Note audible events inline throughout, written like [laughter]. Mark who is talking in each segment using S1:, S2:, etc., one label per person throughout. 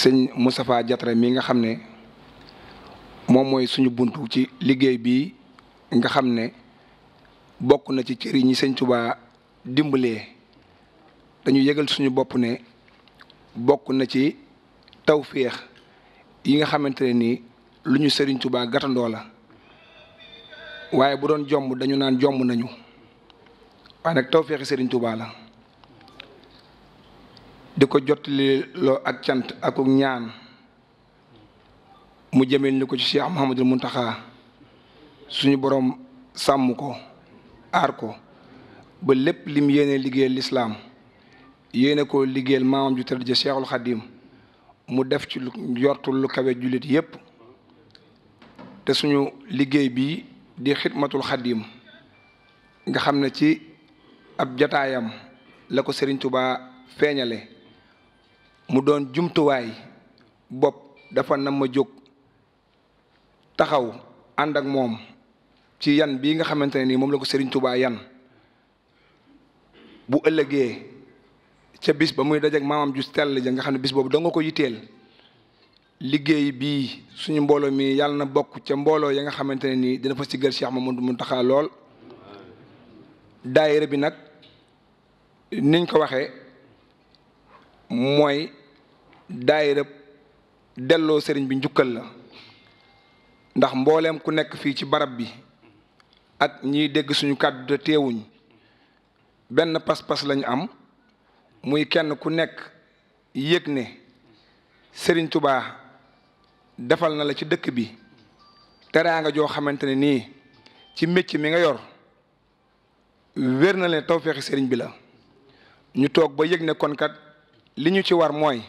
S1: sëñ Moustapha Diatra mi nga xam ne moom mooy suñu buntu ci liggéey bi nga xam ne bokk na ci cër yi ñi sëñ Tuubaa dimbalee dañu yëgal suñu bopp ne bokk na ci tawféex yi nga xamante ne nii lu ñu sëriñ Tuubaa gàttandoo la waaye bu doon jomb dañu naan jomb nañu waaye nag tawféexi sëriñ Tuubaa la di ko jottali loo ak cant akuk ñaan mu jëmel ni ko ci Cheikh Mouhamadul Muntaxa suñu boroom sàmm ko aar ko ba lépp lim yéene liggéey lislaam yéene ko liggéeyal maamam ju tëdd ja Cheikhul mu def ci lu jortul lu kawe jullit yépp te suñu liggéey bi di xidmatul xadim nga xam ne ci ab jataayam la ko Serigne Touba feeñale mu doon jumtuwaay bopp dafa nam ma jóg taxaw ànd ak moom ci yan bii nga xamante ne nii moom la ko Serigne Touba yan bu ëllëgee ca bis ba muy dajeeg maamam ju tell ja nga xam ne bis boobu da ko yitteel liggéey bii suñu mbooloo mi yàlla na bokk ca mbooloo ya nga xamante ne nii dina fa si gël Cheikh Mamadou Mountakha lool daayira bi nag niñ ko waxee. mooy daayira delloo sëriñ bi njukkal la ndax mbooleem ku nekk fii ci barab bi ak ñiy dégg suñu kàddu te teewuñ benn pas-pas lañu am muy kenn ku nekk yëg ne sëriñ tubaa defal na la ci dëkk bi teraanga joo xamante ne nii ci mécc mi nga yor wér na leen tawféexi sëriñ bi la ñu toog ba yëg ne kon kat li ñu ci war mooy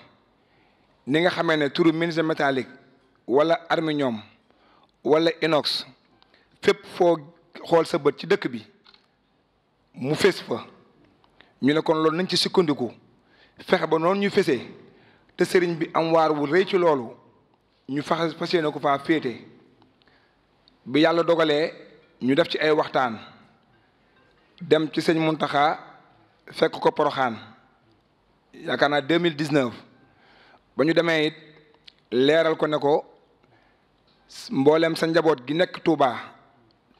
S1: ni nga xamee ne turu menuisier métallique wala aluminium wala inox fépp foo xool sa bët ci dëkk bi mu fés fa ñu ne loolu nañ ci sukkandiku fexe ba noonu ñu fesee te sëriñ bi am waar wu rëy ci loolu ñu fax fas yéene ko faa féete bi yàlla dogalee ñu def ci ay waxtaan dem ci sëñ Muntaxa fekk ko poroxaan yaakaar naa deux mille dix neuf ba ñu demee it leeral ko ne ko mboolem sa njaboot gi nekk Touba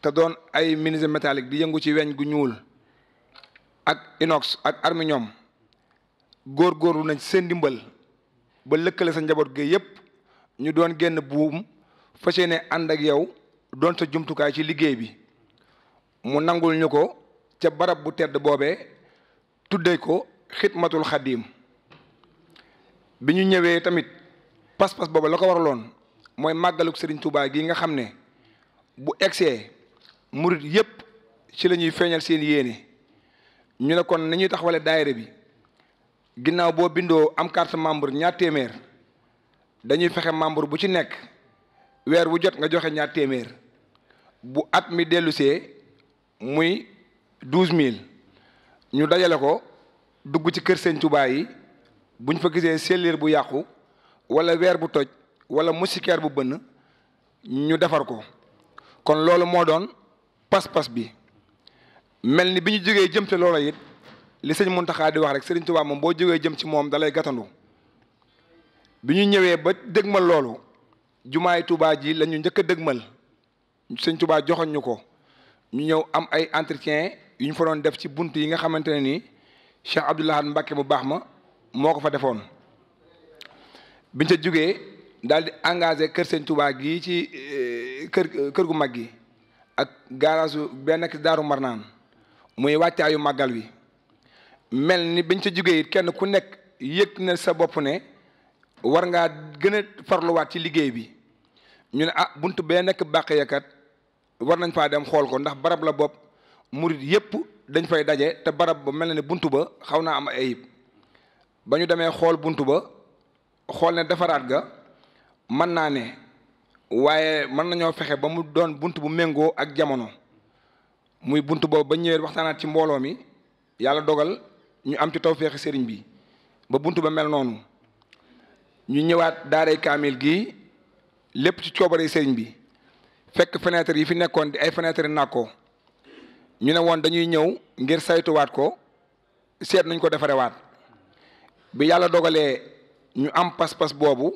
S1: te doon ay menuiserie métallique di yëngu ci weñ gu ñuul ak inox ak aluminium góorgóorlu nañ seen ndimbal ba lëkkale sa njaboot gi yëpp ñu doon génn buum fas yéene ànd ak yow doon sa jumtukaay ci liggéey bi mu nangul ñu ko ca barab bu tedd boobee tuddee ko. xidmatul xadiim bi ñu ñëwee tamit pas-pas boobu la ko waraloon mooy màggaluk Serigne Touba gi nga xam ne bu egsee murit yépp ci la ñuy feeñal seen yéene ñu ne kon nañuy taxawale daayira bi ginnaaw boo bindoo am carte membre ñaar téeméer dañuy fexe membre bu ci nekk weer wu jot nga joxe ñaar téeméer bu at mi dellusee muy douze mille ñu dajale ko dugg ci kër sëñ Tuubaa yi buñ fa gisee selliir bu yàqu wala weer bu toj wala musikeer bu bënn ñu defar ko kon loolu moo doon pas-pas bi mel ni bi ñu jógee jëm ci loola it li sëñ Muntaxa di wax rek sëriñ Tuubaa moom boo jógee jëm ci moom dalay gatandu bi ñu ñëwee ba dëgmal loolu jumaay Tuubaa ji lañu njëkk a dëgmal sëñ Tuubaa joxoñ ko ñu ñëw am ay entretien yu ñu fa doon def ci bunt yi nga xamante ne nii Cheikh Abdoul Ahad Mbacké mu baax ma moo ko fa defoon biñ ca jugee daal di engagé kër sëñ Touba gii ci eh, kër kër gu mag gi ak gaaraasu benn ak daaru marnaan muy wàccaayu màggal wi mel ni biñ ca jugee it kenn ku nekk yëg na sa bopp ne war ngaa gën a farluwaat ci liggéey bi ñu ne ah bunt bee nekk bàq yakat war nañ faa dem xool ko ndax barab la bopp murit yépp dañ fay daje te barab ba mel na ne buntu ba xaw naa am ay ayib ba ñu demee xool buntu ba xool ne defaraat ga mën naa ne waaye mën nañoo fexe ba mu doon bunt bu méngoo ak jamono muy bunt boobu ba ñëwee waxtaanaat ci mbooloo mi yàlla dogal ñu am ci tawféexi sëriñ bi ba bunt ba mel noonu ñu ñëwaat daaray kaamil gi lépp ci coobare sëriñ bi fekk fenêtre yi fi nekkoon di ay fenêtre yi ko ñu ne woon dañuy ñëw ngir saytuwaat ko seet nañ ko waat bi yàlla dogalee ñu am pas-pas boobu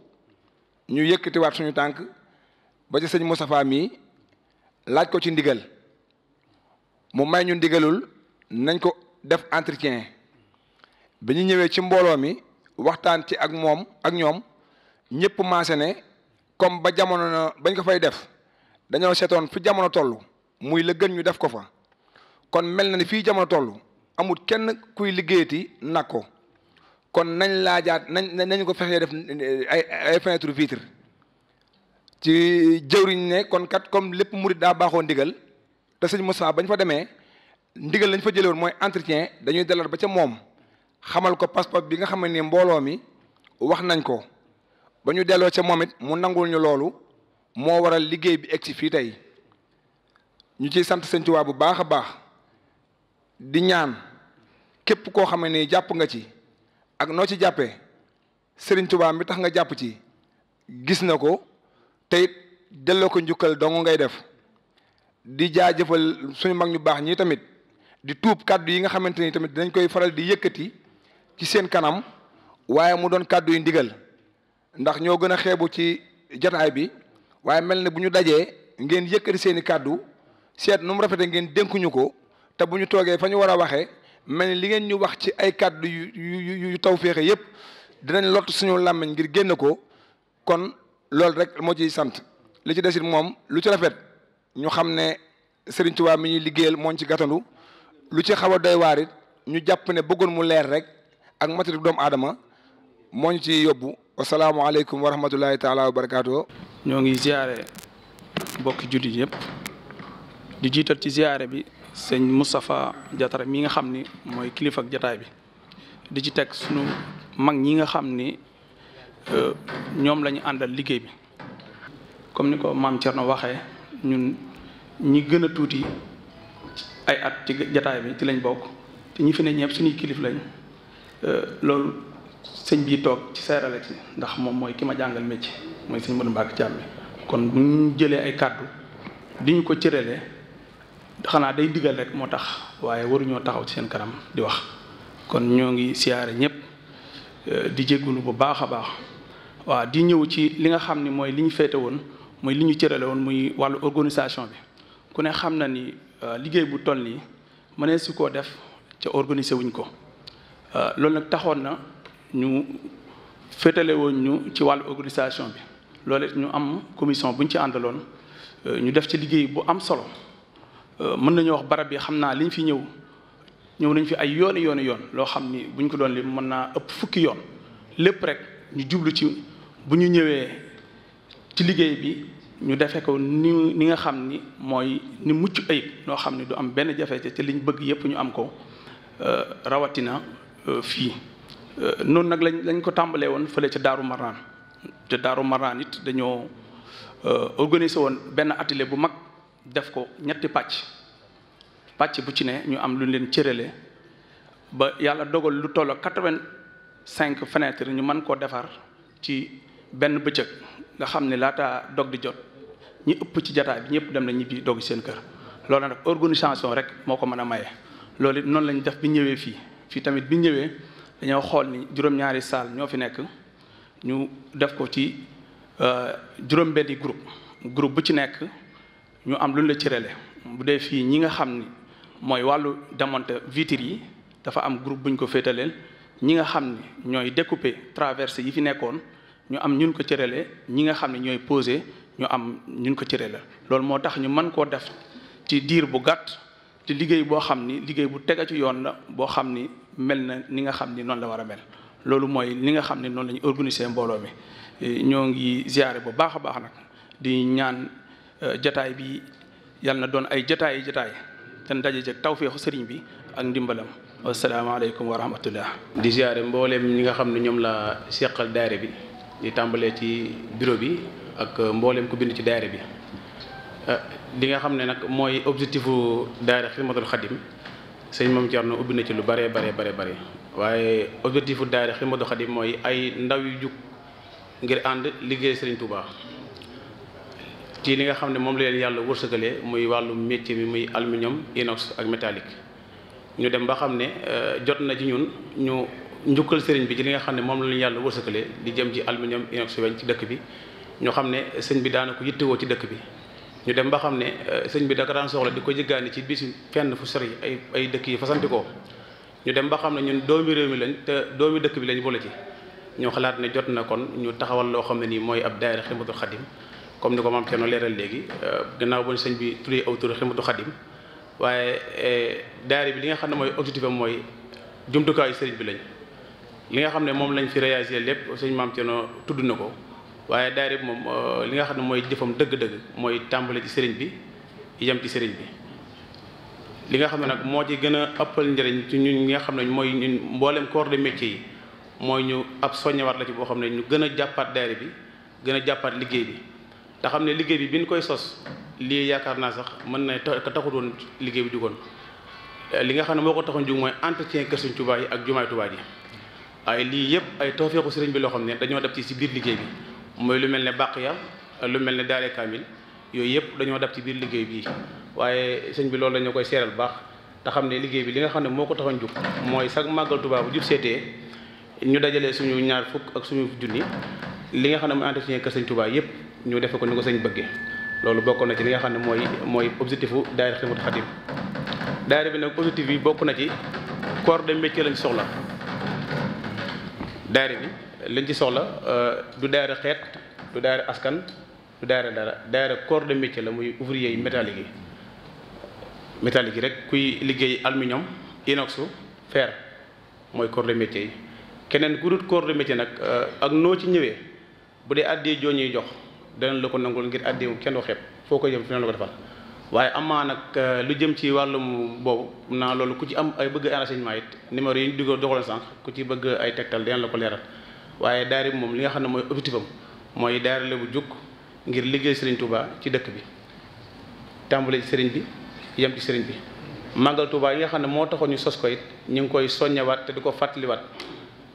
S1: ñu yëkkatiwaat suñu tànk ba ci sëñ Moustapha mii laaj ko ci ndigal mu may ñu ndigalul nañ ko def entretien bi ñu ñëwee ci mbooloo mi waxtaan ci ak moom ak ñoom ñëpp maase ne comme ba jamono bañ ko fay def dañoo seetoon fi jamono toll muy la gën ñu def ko fa kon mel na ni fii jamono toll amul kenn kuy liggéeyati nag ko kon nañ laajaat nañ nañ ko fexee def ay ay fenêtre vitre ci jëwriñ ne kon kat comme lépp mu murit daa baaxoo ndigal te sëñ Moussa bañ fa demee ndigal lañ fa jëlee woon mooy entretien dañuy dalaat ba ca moom xamal ko passeport bi nga xam ne mbooloo mi wax nañ ko ba ñu delloo ca moom mu nangul ñu loolu moo waral liggéey bi egg si fii tey ñu ciy sant sëñ Tuubaa bu baax a baax. di ñaan képp koo xam ni jàpp nga ci ak noo ci jàppee sëriñ Touba bi tax nga jàpp ci gis na ko tey delloo ko njukkal dong ngay def di jaajëfal suñu mag ñu baax ñi tamit di tuub kàddu yi nga xamante ni tamit dañ koy faral di yëkkati ci seen kanam waaye mu doon kàddu yu ndigal ndax ñoo gën a xeebu ci jataay bi waaye mel ne bu ñu dajee ngeen yëkkati seen i kàddu seet nu mu rafete ngeen dénkuñu ko te bu ñu toogee fa ñu war a waxee mel ni li ngeen ñu wax ci ay kàddu yu yu yu taw féexe yëpp dinañ lot suñu làmmiñ ngir génn ko kon loolu rek moo ciy sant li ci desit moom lu ci rafet ñu xam ne Serigne Touba mi ñuy liggéeyal moo ci gàttandu lu ci xaw a doy waar ñu jàpp ne bëggoon mu leer rek ak matériel doomu aadama moo ci yóbbu asalaamaaleykum wa rahmatulahi taala wa barakaatu. ñoo ngi ziare mbokki jullit yëpp di jiital ci ziare bi.
S2: sëñ Moustapha Diatara mi nga xam ni mooy kilifa ak jataay bi di ci teg suñu mag ñi nga xam ni euh, ñoom la àndal liggéey bi comme ni ko maam Thierno waxee ñun ñi gën a tuuti ay at ci jataay bi ci lañ bokk te ñi fi ne ñëpp suñuy kilif lañ euh, loolu sëñ bii toog ci seerale ci ndax moom mooy ki ma jàngal métier mooy sëñ Modou Mbacke Thiam bi kon bu ñu jëlee ay kàddu di ñu ko cëralee. xanaa day digal rek moo tax waaye waruñoo taxaw ci seen kanam di wax kon ñoo ngi siyaare ñëpp euh, di jéggulu bu baax a baax waaw di ñëw ci li nga xam ni mooy li ñu féete woon mooy li ñu cërale woon muy wàllu organisation bi ku ne xam na ni euh, liggéey bu toll nii mënee su koo def ca organiser wuñ ko euh, loolu nag taxoon na ñu féetale woon ñu ci wàllu organisation bi loolu ñu am commission bu ñu ci àndaloon ñu def ci liggéey bu am solo Euh, mën nañu wax barab bi xam naa liñ fi ñëw ñëw nañ fi ay yooni yooni yoon loo xam ni buñ ko doon li mën naa ëpp fukki yoon lépp rek ñu jublu ci bu ñu ñëwee ci liggéey bi ñu defe ko ni ni nga xam ni mooy ni mucc ayib loo xam ni du am benn jafe-jafe ci liñ bëgg yépp ñu am ko euh, rawatina euh, fii noonu nag lañ lañ ko tàmbalee woon fële ci Daaru Marnaan ca Daaru Marnaan it dañoo organiser woon benn atelier bu mag def ko ñetti pàcc pàcc bu ci ne ñu am lu ñu leen cërale ba yàlla dogal lu tolloo quatre-vingt-cinq fenêtre ñu mën koo defar ci benn bëccëg nga xam ne laataa dog di jot ñu ëpp ci jataay bi ñëpp dem na ñibbi dogg seen kër loolu nag organisation rek moo ko mën a maye. loolu it noonu lañ def bi ñëwee fii fii tamit bi ñëwee dañoo xool ni juróom-ñaari saal ñoo fi nekk ñu def ko ci euh, juróom-benni group groupe bu ci nekk. ñu am luñ la cërale bu dee fii ñi nga xam ni mooy wàllu démonter vitres yi dafa am groupe bu ñu ko féetaleel ñi nga xam ni ñooy découper traverse yi fi nekkoon ñu am ñun ko cëralee ñi nga xam ne ñooy poser ñu am ñun ko cëralee loolu moo tax ñu man koo def ci diir bu gàtt te liggéey boo xam ni liggéey bu tega ci yoon la boo xam ni mel na ni nga xam ni noonu la war a mel loolu mooy li nga xam ne noonu la ñu organiser mbooloo mi ñoo ngi ziare bu baax a baax nag di ñaan. Euh, jataay bi yàlla na doon ay jataay jataay ten daje jeg tawféexu sëriñ bi ak ndimbalam wasalaamaaleykum wa rahmatullah
S3: di ziare mbooleem ñi nga xam ne ñoom la seqal daayira bi di tàmbalee ci bureau bi ak mbooleem ku bind ci daayira bi li euh, nga xam ne nag mooy objectifu daayira xidmatul xadim sëñ moom Thierno ubbi na ci lu bare bare bare bare waaye objectifu daayira xidmatul xadim mooy ay ndaw yu jug ngir ànd liggéey sëriñ Touba ci li nga xam ne moom la leen yàlla wërsëgalee muy wàllu métier mi muy aluminium inox ak métallique ñu dem ba xam ne euh, jot na ci ñun ñu njukkal bi ci li nga xam ne moom la leen yàlla wërsëgalee di jëm ci aluminium inox weñ ci dëkk bi ñu xam ne sëñ bi daana ko yittewoo ci dëkk bi ñu dem ba xam ne euh, sëñ bi da ko daan di ko jëggaani ci bisu fenn fu sori ay dëkk yi fasantikoo ñu dem ba xam ne ñun doomi réew mi lañ te doomi dëkk bi lañ boole ci ñu xalaat ne jot na kon ñu taxawal loo xam ne nii mooy ab daayira Xidmatul Xadim comme ni ko maam Thierno leeral léegi euh, gannaaw ba sëñ bi tuddee aw tur Xidmatul Xadim waaye euh, daara bi li nga xam ne mooy objectif mooy jumtukaayu sëriñ bi lañ li nga xam ne moom lañ fi réalisé lépp sëñ maam noo tudd na ko waaye daara bi moom euh, li nga xam ne mooy jëfam dëgg-dëgg mooy tàmbali ci sëriñ bi yem ci sëriñ bi. li nga xam ne nag moo ci gën a ëppal njëriñ ci ñu ñi nga xam ne mooy ñun mboolem corps de métier yi mooy ñu ab soññewaat la ci boo xam ne ñu gën a jàppaat daara bi gën a jàppaat liggéey bi. te xam ne liggéey bi bi ñu koy sos lii yaakaar naa sax mën na ka taxutoon liggéey bi jugoon li nga xam ne moo ko taxoon jug mooy entretien kër Sëriñ yi ak jumaay Tuubaa ji ay lii yëpp ay tawfeexu sëriñ bi loo ne dañoo dab ci si biir liggéey mooy lu mel ne bàq ya lu mel ne daare kaamil yooyu yëpp dañoo dab ci biir liggéey bii waaye sëñ bi loolu dañoo koy seeral baax te xam ne liggéey bi li nga xam ne moo ko taxoon jug mooy sax màggal bu jub seetee ñu dajale suñu ñaar fukk ak suñu junni li nga xam ne mooy entretien kër Sëriñ Tuubaa yëpp ñu defe ko ni ko sëñ bëggee loolu bokk na ci li nga xam ne mooy mooy objectif u daayira Xidmatul Xadim daayira bi nag objectif bi bokk na ci corps de métier lañ soxla daayira bi liñ ci soxla euh, du daayira xeet du daayira askan du daayira dara daayira corps de métier la muy ouvrier yi métallique yi métallique yi rek kuy liggéey aluminium inox fer mooy corps de métier yi keneen ku dut corps de métier nag euh, ak noo ci ñëwee bu dee àddee joo ñuy jox danañ la ko nangul ngir addiwu kenn waxeeb foo ko jëm fi la ko defal waaye amaa nag euh, lu jëm ci wàllum boobu naa loolu ku ci am ay bëgg renseignement it numéro yi ñu dugal doxaloon sànq ku ci bëgg ay tegtal dinañ la ko leeral waaye daari moom li nga xam ne mooy objectif am mooy daari la bu jóg ngir liggéey sëriñ Touba ci dëkk bi tàmbale sëriñ bi yem ci Serigne bi màggal Touba yi nga xam ne moo taxoon ñu sos ko ñu ngi koy soññawaat te di ko fàttaliwaat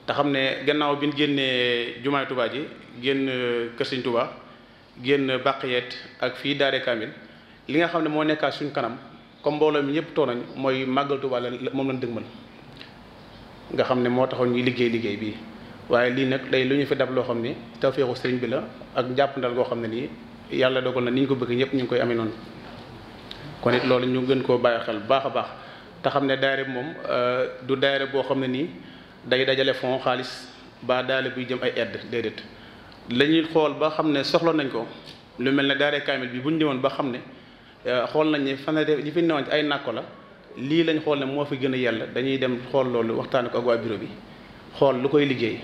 S3: te xam ne gannaaw bi ñu génnee jumaay Touba ji génn euh, kër Serigne Touba génn bàqiyeet ak fii daare kaamil li nga xam ne moo nekkaat suñ kanam comme mbooloo mi ñëpp toonañ mooy màggal Tuubaa la moom lañ dëgmal nga xam ne moo taxoon ñuy liggéey liggéey bi waaye lii nag day lu ñu fi dab loo xam ne tawféexu sëriñ bi la ak jàppandal goo xam ne nii yàlla dogal na ni ñu ko bëgg ñëpp ñu ngi koy amee noonu kon it loolu ñu gën koo bàyyi xel baax a baax te xam ne daayira bi moom euh, du daayira boo xam ne nii day dajale fond xaalis ba daale buy jëm ay aide la xool ba xam ne soxla nañ ko lu mel ne daare kaamil bi bu ñu ba xam ne euh, xool nañ ne fanweeri ñi fi newoon ci ay nàkko la lii lañ xool ne moo fi gën a yàlla dañuy dem xool loolu waxtaan ko ak waa bureau bi xool lu koy liggéey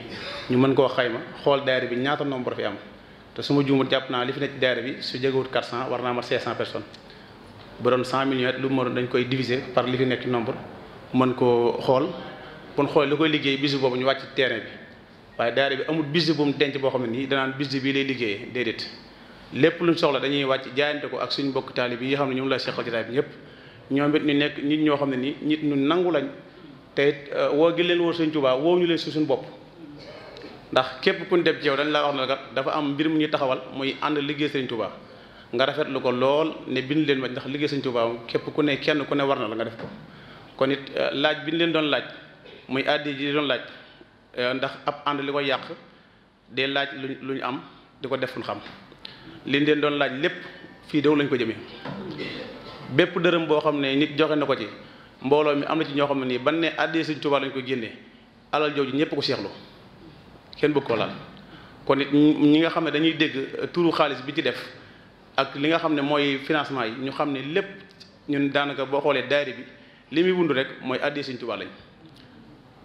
S3: ñu mën koo xayma xool daare bi ñaata nombre fi am te su ma juumut jàpp naa li fi nekk ci bi su jegewut 400 war naa mat 500 personnes bu doon 100 millions lu mu dañ koy diviser par li fi nekk nombre mën koo xool bon xool lu koy liggéey bisu boobu ñu wàcc terrain bi. waaye daara bi amul budget bu mu denc boo xam ne nii danaan budget bi lay liggéeyee déedéet lépp luñ soxla dañuy wàcc jaayante ko ak suñ mbokk taalib yi xam ne ñoom la seqal jotaay bi ñëpp ñoom it ñu nekk nit ñoo xam ne nii nit ñu nangu lañ te euh, woo gi leen woo suñ Tuubaa woo ñu leen su suñ bopp ndax képp ku ñu dem ci dañ laa wax na kat dafa am mbir mu ñuy taxawal muy ànd liggéey sëñ Tuubaa nga rafetlu ko lool ne bind leen ma ndax liggéey sëñ Tuubaa képp ku ne kenn ku ne war na la nga def ko kon it euh, laaj bi ñu leen doon laaj muy addi ji doon laaj Euh, ndax ab ànd li ko yàq de laaj lu lu ñu am di ko def xam li leen doon laaj lépp fii déw lañ ko jëmee bépp dërëm boo xam ne nit joxe na ko ci mbooloo mi am na ci ñoo xam ne nii ban ne àddee Sëñ Tuubaa lañ ko génnee alal jooju ñëpp ko seexlu kenn bëgg ko laal kon it ñi nga xam ne dañuy dégg euh, turu xaalis bi ci def ak li nga xam ne mooy financement yi ñu xam ne lépp ñun daanaka boo xoolee daayira bi li muy wund rek mooy àddee Sëñ Tuubaa lañ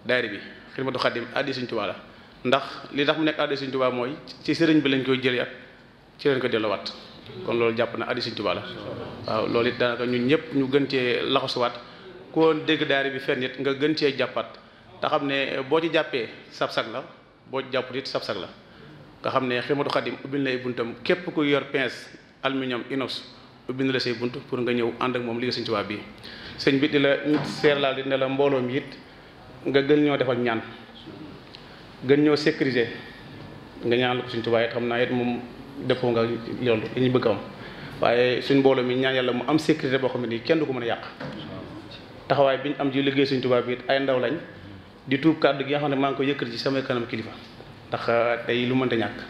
S3: daayira bi ma xidmatu xadim addi Sëriñ Tuubaa la ndax li tax mu nekk addi Sëriñ Tuubaa mooy ci sëriñ bi lañ koy jëliat ci lañ koy delluwaat kon loolu jàpp na addi Sëriñ Tuubaa la waaw loolu it daanaka ñun ñëpp ñu gën cee laxasuwaat koo dégg daari bi fenn it nga gën cee jàppaat te xam ne boo ci jàppee sab-sag la boo ci jàpput it sab-sag la nga xam ne xidmatu xadim ubbil na ay buntam képp ku yor pince aluminium inox ubbil na la say bunt pour nga ñëw ànd ak moom liggéey Sëriñ Tuubaa bi sëñ bi di la seerlaal di ne la nga gën ñoo defal ñaan gën ñoo sécuriser nga ñaan la ko suñ tubaab it xam naa it moom defoo nga loolu li ñu bëgg am waaye suñ mbooloo mi ñaan yàlla mu am sécurité boo xam ne nii kenn du ko mën a yàq taxawaay bi ñu am ci liggéey suñ tubaab bi ay ndaw lañ di tuub kàddu gi nga xam ne maa ngi ko yëkkati ci samay kanam kilifa ndax euh, tey lu mënta ñàkk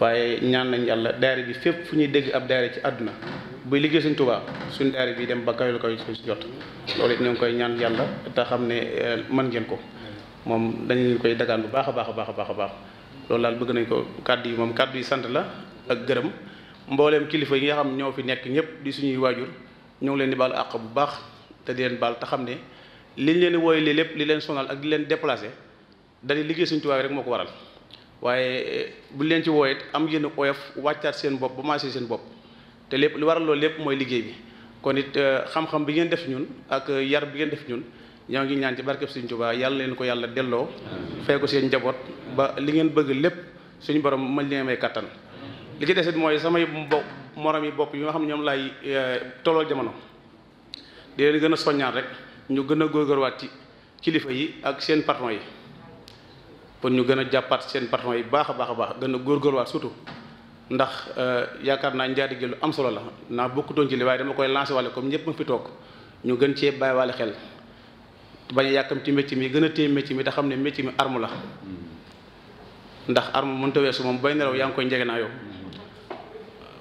S3: waaye ñaan nañ yàlla daayira bi fépp fu ñuy dégg ab daayira ci àdduna buy liggéey Sëñ Tuubaa suñ daara bi dem ba kawe lu kawe suñ si jot loolu it koy ñaan yàlla te xam ne eh, man ngeen ko moom dañu leen koy dagaan bu baax a baax a baax a baax a baax loolu daal bëgg nañ ko kàddu yi moom kàddu yi sant la ak gërëm mbooleem kilifa yi nga xam ñoo fi nekk ñëpp di suñuy waajur ñëw leen di baal àq bu baax te di leen baal te xam ne liñ leen di wooy li lépp li leen sonal ak di leen déplacé dañuy liggéey Sëñ Tuubaa rek moo ko waral waaye eh, bu leen ci wooyet am yenn oyof wàccaat seen bopp ba maasee seen bopp te lépp lu waral loolu lépp mooy liggéey bi kon it euh, xam-xam bi ngeen def ñun ak euh, yar bi ngeen def ñun ñoo ngi ñaan ci barkeb Sëriñ Tuubaa yàlla leen ko yàlla delloo fay ko seen njaboot ba li ngeen bëgg lépp suñu borom mën leen may kàttan li ci desit mooy samay bopp morom yi bopp yi nga xam ñoom laay euh, tollool jamono di leen gën a soññaat rek ñu gën a góorgóorwaat ci kilifa yi ak seen patron yi pour ñu gën a jàppaat seen patron yi baax a baax a baax gën a góorgóorwaat surtout ndax euh, yaakaar naa njaatige lu am solo la ndax bokkutoon ci li waaye dama koy lancé wàlle comme ñëpp ma fi toog ñu gën cee bàyyi wàlle xel bañ a yàkkam ci métier mi gën a téye métier mi te xam ne métier mi armu la ndax arme mënut a weesu moom bay nelaw yaa ngi koy njege naa yow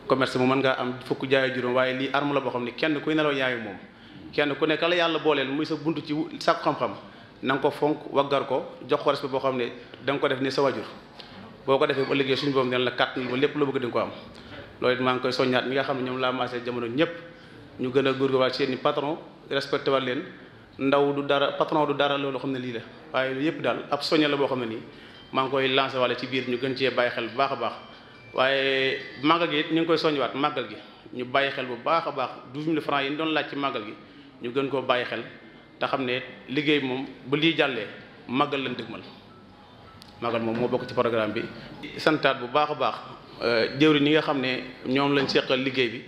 S3: commerce mu mën ngaa am fukk jaay juróom waaye lii arme la boo xam ne kenn kuy nelaw yaayu moom kenn ku nekk la yàlla booleel muy sa bunt ci sàkku xam-xam na ko fonk waggar ko jox ko boo xam ne da ko def ni sa wajur boo ko defee bu ëllëgee suñu boom dina la kàttan ba lépp loo bëgg di ko am loolu it maa ngi koy soññaat ñi nga xam ne ñoom laa maasee jamono ñëpp ñu gën a góor góorgóorluwaat seeni patron respecté waat leen ndaw du dara patron du dara loolu xam ne lii la waaye lu yëpp daal ab soñña la boo xam ne nii maa ngi koy lancé walla ci biir ñu gën cee bàyyi xel bu baax a baax waaye màggal gi it ñu ngi koy soññiwaat màggal gi ñu bàyyi xel bu baax a baax douze mille francs yi ñu doon laaj ci màggal gi ñu gën koo bàyyi xel te xam ne liggéey moom ba lii jàllee màggal lañ dëgmal magal moom moo bokk ci programme bi. santaat bu baax a baax euh, jëwri ñi nga xam ne ñoom lañ seqal liggéey bi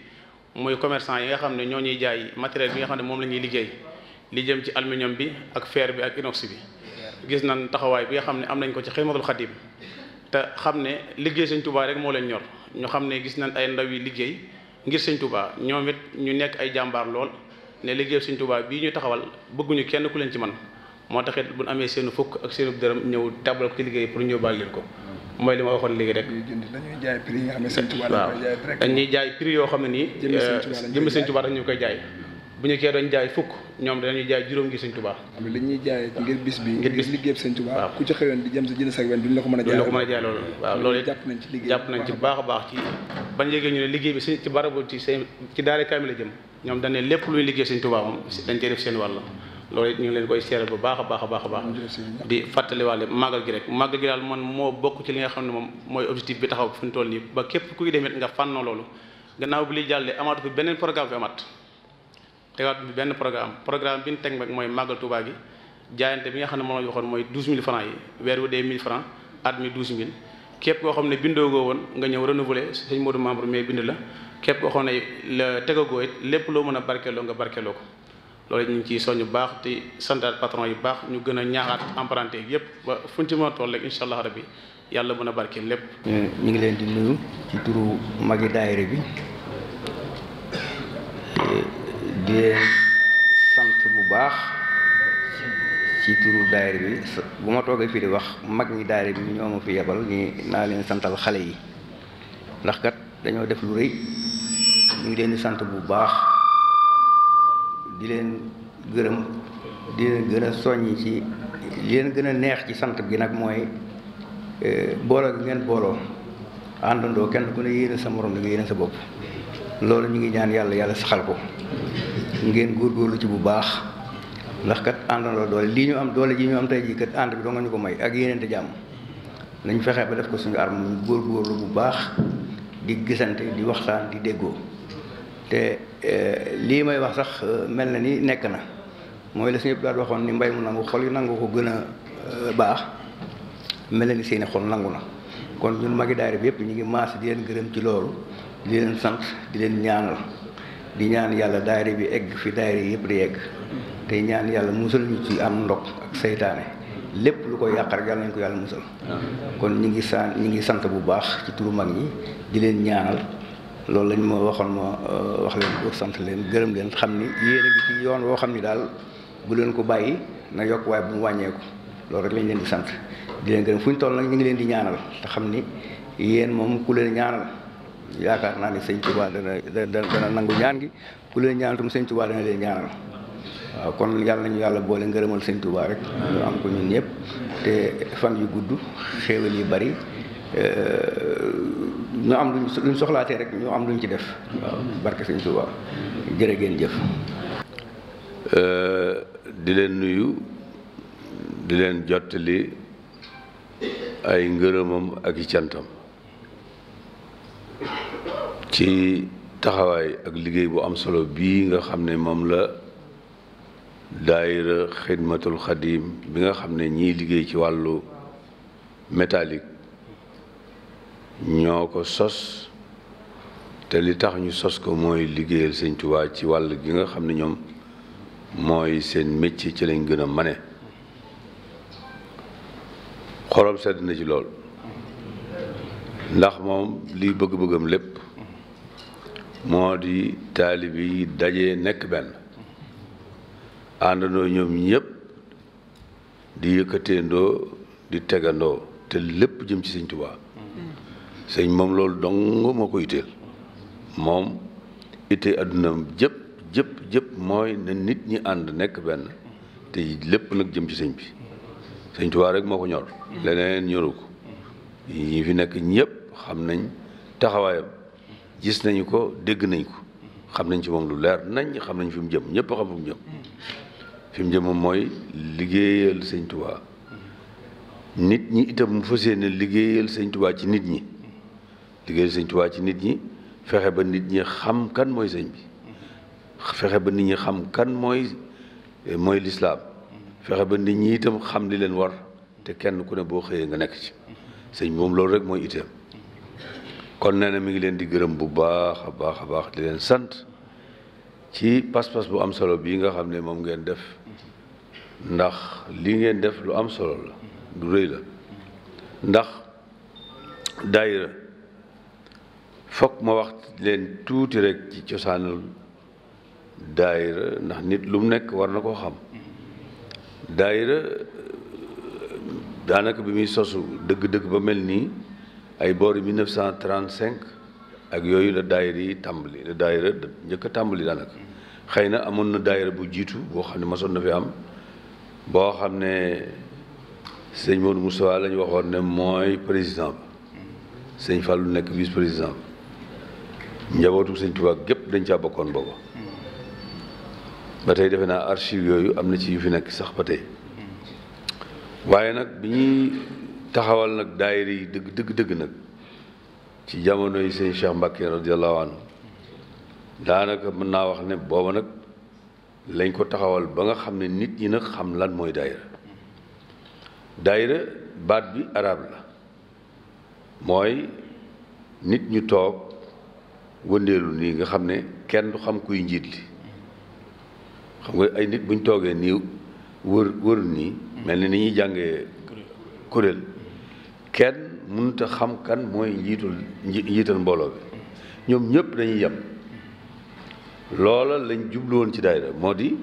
S3: muy commerçant yi nga xam ne ñoo ñuy jaay matériel bi nga xam ne moom la liggéey li jëm ci aluminium bi ak feer bi ak inox bi. gis nañ taxawaay bi nga xam ne am nañ ko ci Xidmatul Xadim te xam ne liggéey Sëñ tubaa rek moo leen ñor ñu xam ne gis nañ ay ndaw yi liggéey ngir Sëñ tubaa ñoom it ñu nekk ay jàmbaar lool ne liggéey Sëñ tubaa bii ñu taxawal bëgguñu kenn ku leen ci man moo tax it bu ñu amee seen fukk ak seen dërëm ñëw tabal ko ci liggéey pour ñu baal leen ko mooy li ma waxoon léegi rek dañuy
S1: jaay prix yi nga xam ne Sëñ Tuubaa waaw dañuy
S3: jaay prix yoo xam euh, dañ jaay fukk ñoom dañuy jaay juróom ngir Sëñ Tuubaa
S1: am ñuy jaay ngir bis bi ku ci xëyoon di jëm sa la ko mën a jaay duñ la waaw loolu
S3: jàpp nañ ci liggéey jàpp nañ ci baax a baax ci bañ yégee ñu ne liggéey bi ci barabu ci seen ci daara kaamil jëm ñoom dañ lépp luy liggéey Sëñ Tuubaa moom dañ cee def seen wàll loolu it ñu ngi leen koy seeral bu baax a baax a baax a baax di fàttaliwaale màggal gi rek màggal gi daal man moo bokk ci li nga xam ne moom mooy objectif bi taxaw fi mu toll nii ba képp kuy demit nga fànnoo loolu gannaaw bi liy jàllee amaatu fi beneen programme fi amaat tegaat bi benn programme programme bi ñu teg nag mooy màggal Touba gi bi nga xam ne moom la mooy douze mille francs yi weer wu dee mille képp koo xam ne bindoogoo woon nga ñëw renouveler sëñ Modou membre mais bind la képp koo xam ne la tegagoo lépp loo mën a barkeeloo nga barkeeloo ko loolu ñu ngi ciy soññ bu baax te santaat patron yi baax ñu gën a ñaaxaat emprunté yëpp ba fuñ ci mën a toll rek incha allah rabbi yàlla mën a barkeel lépp.
S4: ñu ngi leen di nuyu ci turu magi daayira bi di bu baax ci turu daayira bi bu ma toogee fii di wax mag ñi daayira bi ñoo ma fi yebal ni naa leen santal xale yi ndax kat dañoo def lu rëy ñu ngi leen di sant bu baax. di leen gërëm di leen gën a soññi ci li leen gën a neex ci sant bi nag mooy e, booloo gi ngeen booloo àndandoo kenn ku ne yéene sa morom li nga yéene sa bopp loolu ñu ngi ñaan yàlla yàlla saxal ko ngeen góor góorgóorlu ci bu baax ndax kat àndandoo doole lii ñu am doole ji ñu am tey ji kat ànd bi doo nga ñu ko may ak yéeneente jàmm nañ fexe ba def ko suñu arme góor góorgóorlu bu baax di gisante di waxtaan di déggoo te Eh, lii may wax sax eh, mel na ni nekk na mooy la suñu daal waxoon ni mbay mu nangu xol yu nangu ko gën a eh, baax mel na ni seeni xol nangu na kon ñun magi daayira bi yëpp ñu ngi maas di leen gërëm ci loolu di leen sant di leen ñaanal di ñaan yàlla daayira bi egg fi daayira yëpp di egg te ñaan yàlla musal ñu ci am ndog ak seytaane lépp lu ko yàq rek yàlla nañ ko yàlla musal kon ñu ngi ñu ngi sant bu baax ci turu mag ñi di leen ñaanal loolu lañ ma waxoon ma euh, wax leen ko sant leen gërëm leen xam ni yéen a ngi ci yoon woo xam ni daal bu leen ko bàyyi na yokk waaye bu mu wàññeeku loolu rek lañ leen di sant di leen gërëm fu ñu toll nag ñu ngi leen di ñaanal te xam ni yéen moom ku leen ñaanal yaakaar naa ni sëñ Tuubaa dana dana nangu ñaan gi ku leen ñaanal tam sëñ Tuubaa dana leen ñaanal waaw kon yàlla nañu yàlla boole ngërëmal sëñ Tuubaa rek ñu am ko ñun ñëpp te fan yu gudd xéewal yu bari Euh, ñu am luñ luñ soxlaatee rek ñu am luñ
S5: ci def waaw barke sëñ Tuubaa jërë ngeen jëf euh, di leen nuyu di leen jottali ay ngërëmam ak i cantam ci taxawaay ak liggéey bu am solo bii nga xam ne moom la daayira xidmatul xadim bi nga xam ne ñiy liggéey ci wàllu métallique ñoo ko sos te li tax ñu sos ko mooy liggéeyal sëñ Tuubaa ci wàll gi nga xam ne ñoom mooy seen métier ci lañ gën a mane xolam sedd na ci lool ndax moom li bëgg-bëggam lépp moo di taalib yi daje nekk benn àndandoo ñoom ñëpp di yëkkateendoo di tegandoo te lépp jëm ci sëñ Tuubaa sëñ moom loolu dong moo ko itteel moom ittee àddunam jëpp jëpp jëpp mooy ne nit ñi ànd nekk benn te lépp nag jëm ci sëñ bi sëñ Tuubaa rek moo ko ñor leneen ñoru ko yi fi nekk ñëpp xam nañ taxawaayam gis nañu ko dégg nañ ko xam nañ ci moom lu leer nañ xam nañ fi mu jëm ñëpp xam fi jëm fi mu moom mooy liggéeyal sëñ Tuubaa nit ñi itam mu fas yéene liggéeyal sëñ Tuubaa ci nit ñi liggéey sëñ Tuubaa ci nit ñi fexe ba nit ñi xam kan mooy sëñ bi fexe ba nit ñi xam kan mooy eh, mooy lislaam fexe ba nit ñi itam xam li leen war te kenn ku ne boo xëyee nga nekk ci sëñ bi moom loolu rek mooy itam kon nee na mi ngi leen di gërëm bu baax a baax a baax di leen sant ci pas-pas bu am solo bii nga xam ne moom ngeen def ndax li ngeen def lu am solo la lu rëy la ndax daayira fokk ma wax leen tuuti rek ci cosaanul daayira ndax nit lu mu nekk war na koo xam daayira daanaka bi muy sosu dëgg-dëgg ba mel nii ay boori 1935 ak yooyu la daayira yi tàmbali la daayira njëkk a tàmbali daanaka xëy na amoon na daayira bu jiitu boo xam ne masoon na fi am boo xam ne sëñ Modou Moussa la ñu waxoon ne mooy président ba sëñ Fallou nekk vice président njabootu sëñ Tuubaa gépp dañ caa bokkoon booba ba tey defe naa archive yooyu am na ci yu fi nekk sax ba tey waaye nag bi ñuy taxawal nag daayira yi dëgg dëgg dëgg nag ci jamono yi sëñ Cheikh Mbacke radiallahu anhu daanaka mën naa wax ne booba nag lañ ko taxawal ba nga xam ne nit ñi nag xam lan mooy daayira dayre baat bi arab la mooy nit ñu toog wëndeelu nii nga xam ne kenn du xam kuy njiit li xam nga ay nit buñ toogee niiw wër wër nii mel ni ni ñuy jàngee kuréel kenn mënut a xam kan mooy njiitul njiital mbooloo bi ñoom ñëpp dañuy yem loola lañ jublu woon ci da moo di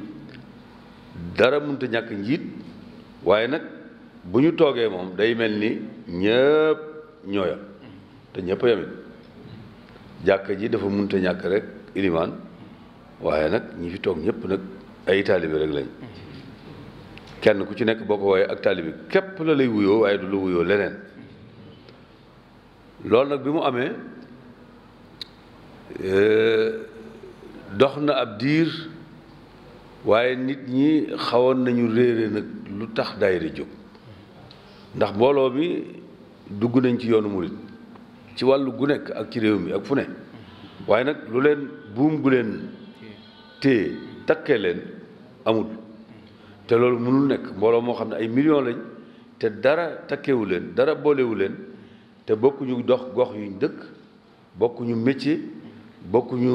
S5: dara mënut a ñàkk njiit waaye nag bu ñu toogee moom day mel ni ñëpp ñoo yem te ñëpp a jàkka ji dafa munta ñàkk rek ilimaan waaye nag ñi fi toog ñëpp nag ay taalibe rek lañ kenn ku ci nekk boo ko wooyee ak taalibe képp la lay wuyoo waaye du la wuyoo leneen loolu nag bi mu amee euh, dox na ab diir waaye nit ñi xawoon nañu réere nag lu tax daayira jóg ndax mbooloo bi dugg nañ ci yoonu murit ci wàllu gu nekk ak ci réew mi ak fu ne waaye nag lu leen buum gu leen téye takkee leen amut te loolu mënul nekk mbooloo moo xam ne ay millions lañ te dara takkewu leen dara boolewu leen te bokkuñu dox gox yuñ dëkk bokkuñu métier bokkuñu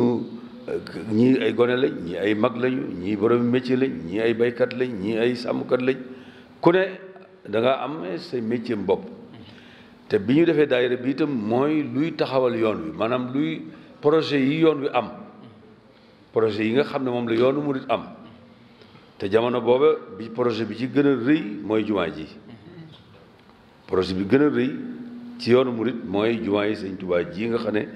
S5: euh, ñii ay gone lañ ñii ay mag lañu ñii borom métier lañ ñii ay baykat lañ ñii ay sàmmkat lañ ku ne da nga am say métier bopp te bi ñu defee daayira bi itam mooy luy taxawal yoon wi maanaam luy projet yi yoon wi am projet yi nga xam ne moom la yoonu murit am te jamono booba bi projet bi ci gën a rëy mooy jumaa ji projet bi gën a rëy ci yoonu murit mooy jumaa yi sëñ Tuubaa ji nga xam ne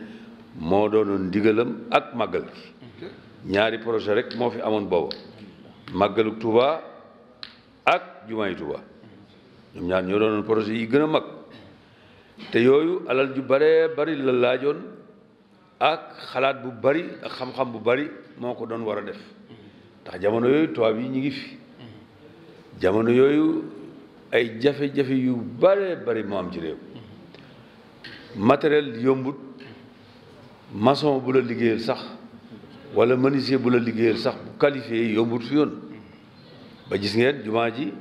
S5: moo doonoon ndigalam ak màggal gi ñaari projet rek moo fi amoon booba màggalu Tuubaa ak jumaa yi Tuubaa ñoom ñaar ñoo doonoon projet yi gën a mag te yooyu alal ju bare bari la laajoon ak xalaat bu bari ak xam-xam bu bari moo ko doon war a def ndax jamono yooyu tubaab yi ñu ngi fi jamono yooyu ay jafe-jafe yu bare bari moo am ci réew matériel yombut maçon bu la liggéeyal sax walla menuisier bu la liggéeyal sax bu qualifié yombut fi yoon ba gis ngeen jumaa ji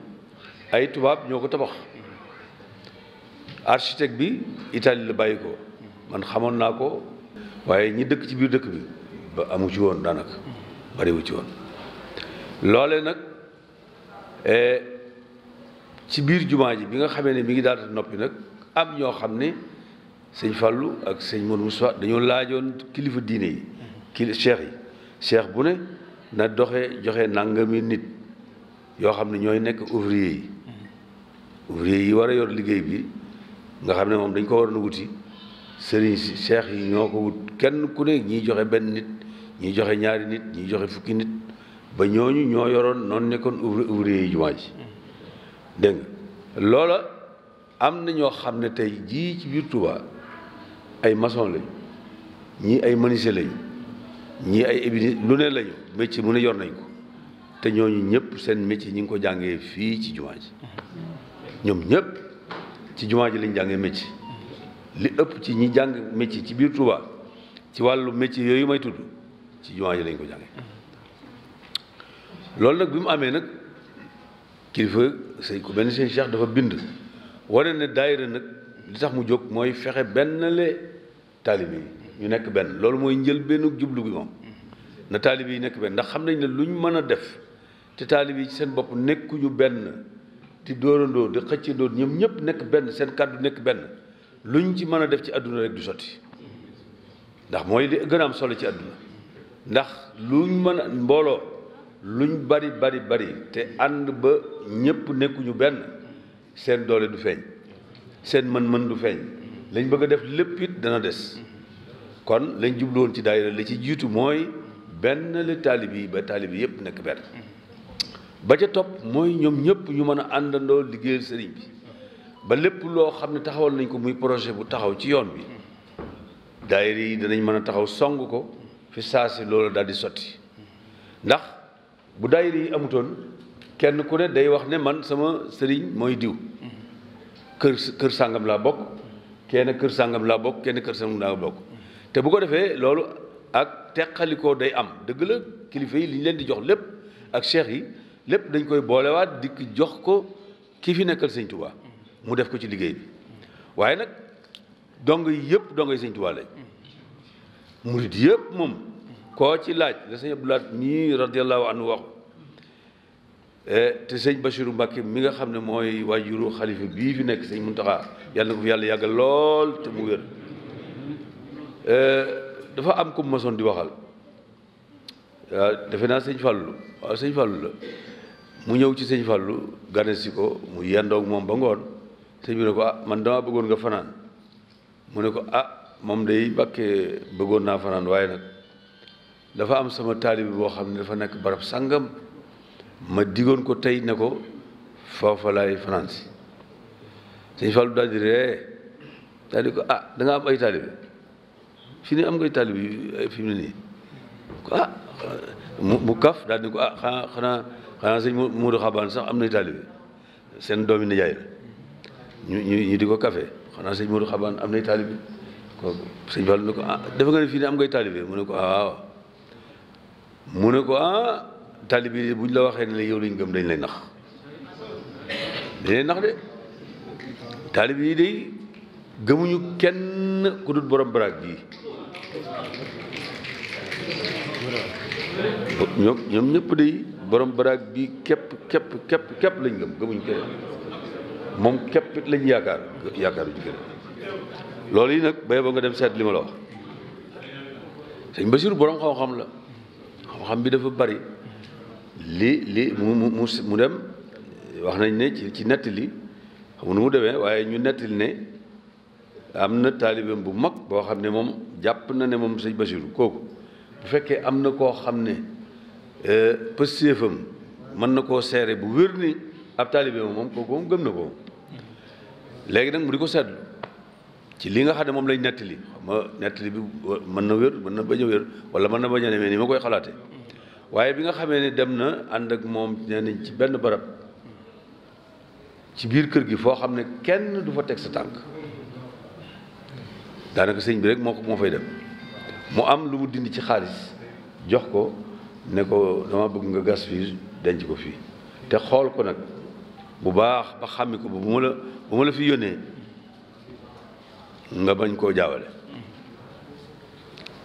S5: ay tubaab ñoo ko tabax architecte bi Italie la bàyyi ko man xamoon naa ko waaye ñi dëkk ci biir dëkk bi ba amu ci woon daanaka bariwu ci woon loole nag eh, ci biir jumaa ji bi nga xamee ne mi ngi daal noppi nag am ñoo xam ne sëñ Fallou ak sëñ Modou Moussa dañoo laajoon kilifa diine yi kili cheikh yi cheikh bu ne na doxee joxe nangami nit yoo xam ne ñooy nekk ouvrier yi ouvrier yi war a yor liggéey bi nga xam ne moom dañ ko waroon a wuti sëriñ si cheikh yi ñoo ko wut kenn ku ne ñiy joxe benn nit ñiy joxe ñaari nit ñiy joxe fukki nit ba ñooñu ñoo yoroon noonu nekkoon ouvrier yi jumaa ji dégg nga loola am na ñoo xam ne tey jii ci biir Touba ay mason lañ ñii ay menuisier lañ ñii ay ébéniste lu ne lañu métier mu ne yor nañ ko te ñooñu ñëpp seen métier ñi ngi ko jàngee fii ci jumaa ji ñoom ñëpp ci jumaa ji lañ jàngee métier li ëpp ci ñi jàng métier ci biir Touba ci wàllu métier yooyu may tudd ci jumaa ji lañ ko jàngee loolu nag bi mu amee nag kilifa ko benn sëñ Cheikh dafa bind wane ne daayira nag li tax mu jóg mooy fexe benn le taalibe yi ñu nekk benn loolu mooy njël benn jublu bi moom na taalibe yi nekk benn ndax xam nañ ne luñ mën a def te taalibe yi ci seen bopp nekkuñu benn di dóorandoo di xëccandoo ñoom ñëpp nekk benn seen kàddu nekk benn luñ ci mën a def ci àdduna rek du sotti ndax mooy di gën a am solo ci àdduna ndax luñ mën a mbooloo luñ bari bari bari te ànd ba ñëpp nekkuñu benn seen doole du feeñ seen mën-mën du feeñ lañ bëgg a def lépp it dana des kon lañ jubluwoon ci daayira la ci jiitu mooy benn la taalib yi ba taalib yi yëpp nekk benn ba ca topp mooy ñoom ñëpp ñu mën a àndandoo liggéeyal sëriñ bi ba lépp loo xam ne taxawal nañ ko muy projet bu taxaw ci yoon bi daayira yi danañ mën a taxaw song ko fi saa si loolu daal di sotti ndax bu daayira yi amutoon kenn ku ne day wax ne man sama sëriñ mooy diw kër kër sàngam laa bokk kenn kër sàngam laa bokk kenn kër sàngam laa bokk te bu ko defee loolu ak teqalikoo day am dëgg la kilifa yi li leen di jox lépp ak cheikh yi lépp dañ koy boolewaat dikk jox ko ki fi nekkal sëñ Tuubaa mu def ko ci liggéey bi waaye nag dong yi yëpp dong yi sëñ Tuubaa lañ murid yëpp moom koo ci laaj la sëñ Abdou Lahad mii radiyallahu anhu wax eh, te sëñ basiru Mbàkke mi nga xam ne mooy waajuru xalifa bii fi nekk sëñ Muntaxa yàlla na ko fi yàlla yàggal lool te mu wér eh, dafa am ku mosoon di waxal defe naa sëñ Fàllu waaw sëñ Fàllu la mu ñëw ci sëñ Fallou gane si ko mu yendoog moom ba ngoon sëñ bi ne ko ah man dama bëggoon nga fanaan mu ne ko ah moom day bàkkee bëggoon naa fanaan waaye nag dafa am sama taalibi boo xam ne dafa nekk barab sàngam ma digoon ko tey ne ko foofa fanaan si sëñ Fallou daal di ree daal di ko ah da am ay taalibi fi ne am ngay taalibi fi mu nii ah mu kaf daal di ko ah xanaa xanaa sëñ Moodu Xabaan sax am na taalibe seen doomi nijaay la ñu ñu ñu di ko kafe xanaa sëñ Moodu xaban am na taalibe kooku sëñ Fall ne ko ah dafa nga ne fii ne am ngay taalibe mu ne ko ah waaw mu ne ko ah taalibe buñ la waxee ne la yow lañ gëm dañ lay nax dañ lay nax de taalibe day gëmuñu kenn ku dul borom baraag bii ñoom ñoom ñëpp borom baraag bi képp képp képp képp lañ gëm gëmuñ keneen moom képp lañ yaakaar yaakaaruñ keneen loolu yi nag bay ba nga dem seet li ma la wax sëñ Basiru borom xam-xam la xam-xam bi dafa bari li li mu mu mu dem wax nañ ne ci ci li xam nu mu demee waaye ñu nettil ne am na taalibeem bu mag boo xam ne moom jàpp na ne moom sëñ Basiru kooku bu fekkee am na koo xam ne Euh, pëstéefam mën na koo seere bu wér ni ab taalibe moom kooku moom gëm na ko léegi nag mu di ko sedd ci li nga xam ne moom lay nettali xam nga nettali bi na wér mën na bañ wala mën na bañ a ni ma koy xalaate waaye bi nga xamee ne dem na ànd ak moom nañ ci benn barab ci biir kër gi foo xam ne kenn du fa teg sa tànk daanaka sëñ bi rek moo ko moo fay dem mu am lu mu dindi ci xaalis jox ko ne ko dama bëgg nga gas fii denc ko fii te xool ko nag bu baax ba xàmmi ko bu ma la bu ma la fi yónnee nga bañ koo jaawale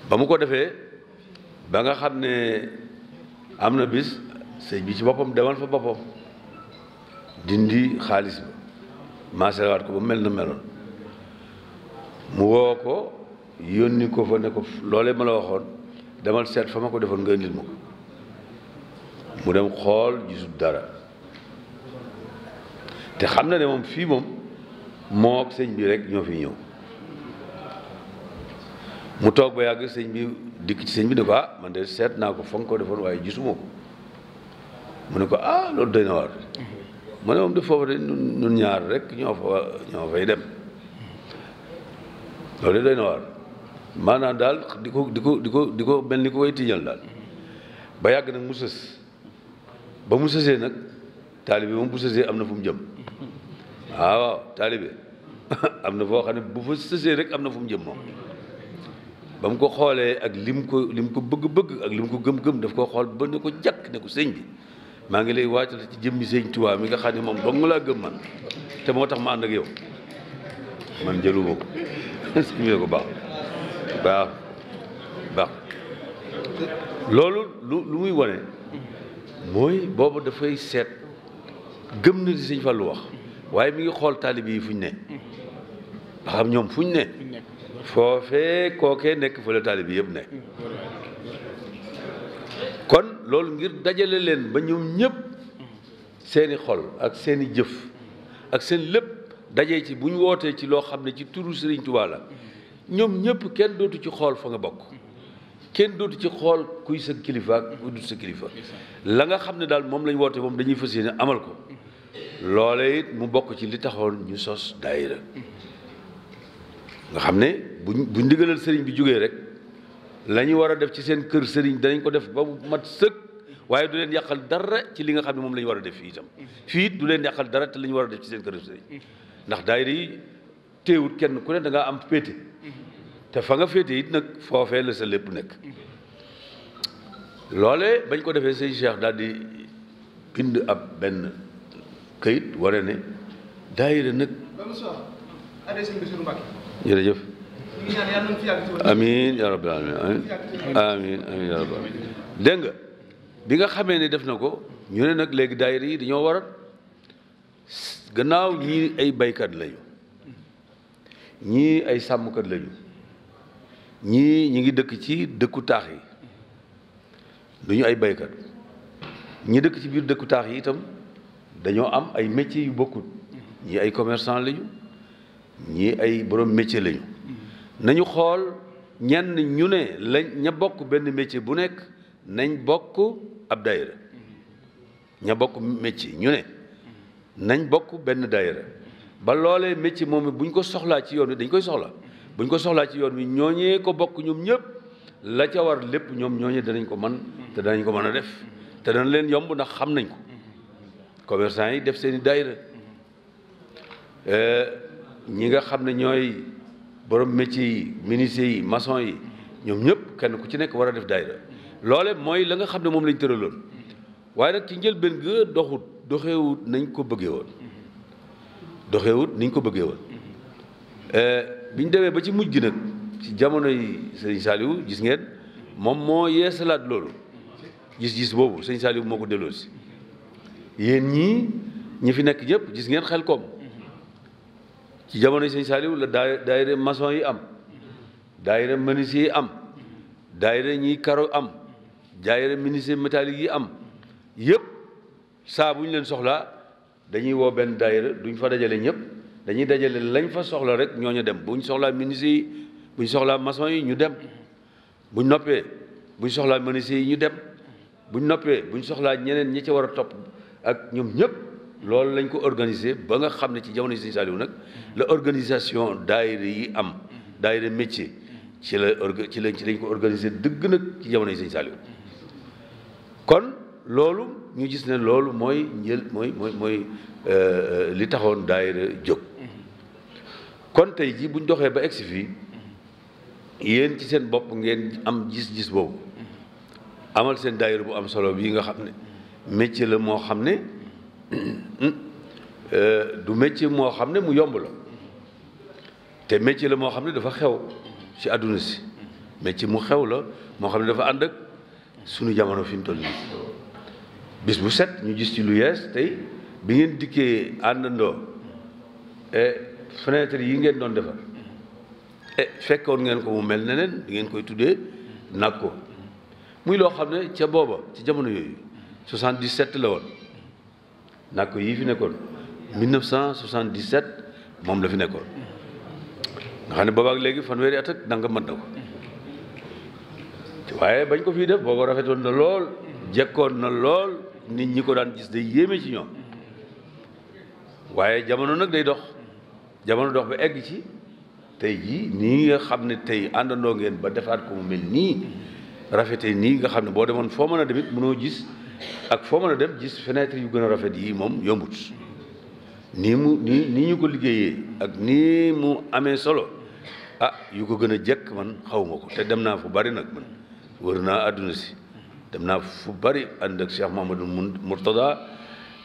S5: ba mu ko defee ba nga xam ne am na bis sëñ bi ci boppam demal fa boppam dindi xaalis ba maaselawaat ko ba mel na meloon mu woo ko yónni ko fa ne ko loolee ma la waxoon demal seet fa ma ko defoon nga indil ma ko mu dem xool gisul dara te xam na ne moom fii moom moo ak sëñ bi rek ñoo fi ñëw mu toog ba yàgg sëñ bi dikk ci sëñ bi ne ko ah man de seet naa ko fa nga ko defoon waaye gisuma mu ne ko ah loolu doy na waar ne moom de foofu rek ñoo fa dem loolu de doy maanaam daal di ko di ko di ko di ko mel ni ko koy tiñal daal ba yàgg nag mu sës ba mu sësee nag taalibe moom bu sësee am na fu mu jëm waaw waaw taalibe [laughs] am na foo xam ne bu fa sësee rek am na fu mu jëm moom ba mu ko xoolee ak lim ko lim bëgg-bëgg ak lim ko gëm-gëm daf ko xool ba ne ko jàkk ne ko sëñ bi maa ngi lay waajal ci jëmmi sëñ Tuubaa mi nga xam ne moom dong laa gëm man te moo tax ma ànd ak yow man jëluma ko suñu [laughs] ko baax baax loolu lu muy wone mooy boobu dafay seet gëm na di sëñ Fallu wax waaye mi ngi xool taalib yi fu ñu ne ba xam ñoom fu ñu ne foofee kookee nekk fële taalib yi yëpp ne kon loolu ngir dajale leen ba ñoom ñëpp seeni xol ak seeni jëf ak seen lëpp dajee ci bu wootee ci loo xam ne ci turu Sëriñ Tuubaa la ñoom ñëpp kenn dootu ci xool fa nga bokk kenn dootu ci xool kuy sa kilifa ak kuy dut sa kilifa la nga xam ne daal moom lañ woote moom dañuy fas yéene amal ko loole it mu bokk ci li taxoon ñu sos daayira nga xam ne buñ buñ ndigalal sëriñ bi jógee rek la ñu war a def ci seen kër sëriñ danañ ko def ba mu mat sëkk waaye du leen yàqal dara ci li nga xam ne moom la ñu war a def fii itam fii it du leen yàqal dara te la ñu war a def ci seen kër sëriñ ndax daayira yi téewut kenn ku ne da ngaa am péete te fa nga féete it nag foofee la sa lépp nekk loole bañ ko defee sëñ Cheikh daal di bind ab benn këyit ware ne daayira nag jërëjëf amiin yaa rabbil aalamiin amiin amiin bi nga xamee ni def na ko ñu ne nag léegi daayira yi dañoo war a gannaaw ñii ay baykat lañu ñii ay sàmmkat lañu ñii ñi ngi dëkk ci dëkku taax yi du ñu ay baykat ñi dëkk ci biir dëkku taax yi itam dañoo am ay métiers yu bokkut ñii ay commerçant lañu ñii ay borom métier lañu nañu xool ñenn ñu ne lañ ña bokk benn métier bu nekk nañ bokk ab daayira ña bokk métier ñu ne nañ bokk benn daayira ba loolee métier moom bu ñu ko soxlaa ci yoon wi dañ koy soxla buñ ko soxlaa ci yoon wi ñooñee ko bokk ñoom ñëpp la ca war lépp ñoom ñooñee danañ ko man te danañ ko mën a def te dana leen yomb ndax xam nañ ko commerçant yi def seen i daayira eh, ñi nga xam ne ñooy borom métier yi ministère yi maçon yi ñoom ñëpp kenn ku ci nekk war a def daayira loole mooy la nga xam ne moom lañ tëraloon waaye nag ci njëlbéen ga doxut doxewut nañ ko bëggee woon doxewut niñ ko bëggee woon eh, biñ demee ba ci mujj gi ci jamono yi sëñ Saliou gis ngeen moom moo yeesalaat loolu gis-gis boobu sëñ Saliou moo ko delloo si yéen ñii ñi fi nekk ñëpp gis ngeen xel koom ci jamono yi sëñ Saliou la daa daayira maçon yi am daayira menuisier yi am daayira ñii karo am daayira menuisier métallique yi am yëpp saa bu ñu leen soxlaa dañuy woo benn daayira duñ fa dajale ñëpp dañuy dajale lañ fa soxla rek ñoo ñooñu dem bu ñu soxlaa ministre yi ñu soxlaa maçon yi ñu dem buñ noppee bu soxlaa ministre yi ñu dem buñ noppee buñ soxlaa ñeneen ñi ci war a topp ak ñoom ñëpp loolu lañ ko organiser ba nga xam ne ci jamono Serigne Saliou nag la organisation daayira yi am daayira métier ci la ci la ci lañ ko organiser dëgg nag ci jamono Serigne Saliou kon loolu ñu gis ne loolu mooy njël mooy mooy mooy euh, li taxoon daayira jóg kon tey jii buñ doxee ba egsi fii yéen ci seen bopp ngeen am gis-gis boobu amal seen daayira bu am solo bii nga xam ne métier la moo xam ne [clears throat] euh, du métier moo xam ne mu yomb la te métier la moo xam ne dafa xew ci àdduna si métier mu xew la moo xam ne dafa ànd ak sunu jamono fi mu toll nii bis bu set ñu gis ci lu yees tey bi ngeen dikkee àndandoo. Eh, fenêtre yi ngeen doon defar e fekkoon ngeen ko mu mel neneen di ngeen koy tuddee nag ko muy loo xam ne ca booba ci jamono yooyu 77 la woon nag ko yii fi nekkoon 1977 moom la fi nekkoon nga xam ne boobaak léegi fanweeri at ak danga mën na ko waaye bañ ko fii def booba rafetoon na lool jekkoon na lool nit ñi ko daan gis day yéeme ci ñoom waaye jamono nag day dox jamono dox ba egg ci tey jii nii nga xam ne tey àndandoo ngeen ba defaat ko mu mel nii rafete nii nga xam ne boo demoon foo mën a demit mënoo gis ak foo man a dem gis fenêtre yu gën a rafet yii moom yombut nii mu nii nii ñu ko liggéeyee ak nii mu amee solo ah yu ko gën a jekk man xaw ma ko te dem naa fu bari nag man wër naa àdduna si dem naa fu bari ànd ak Cheikh Mouhamadou Mourtada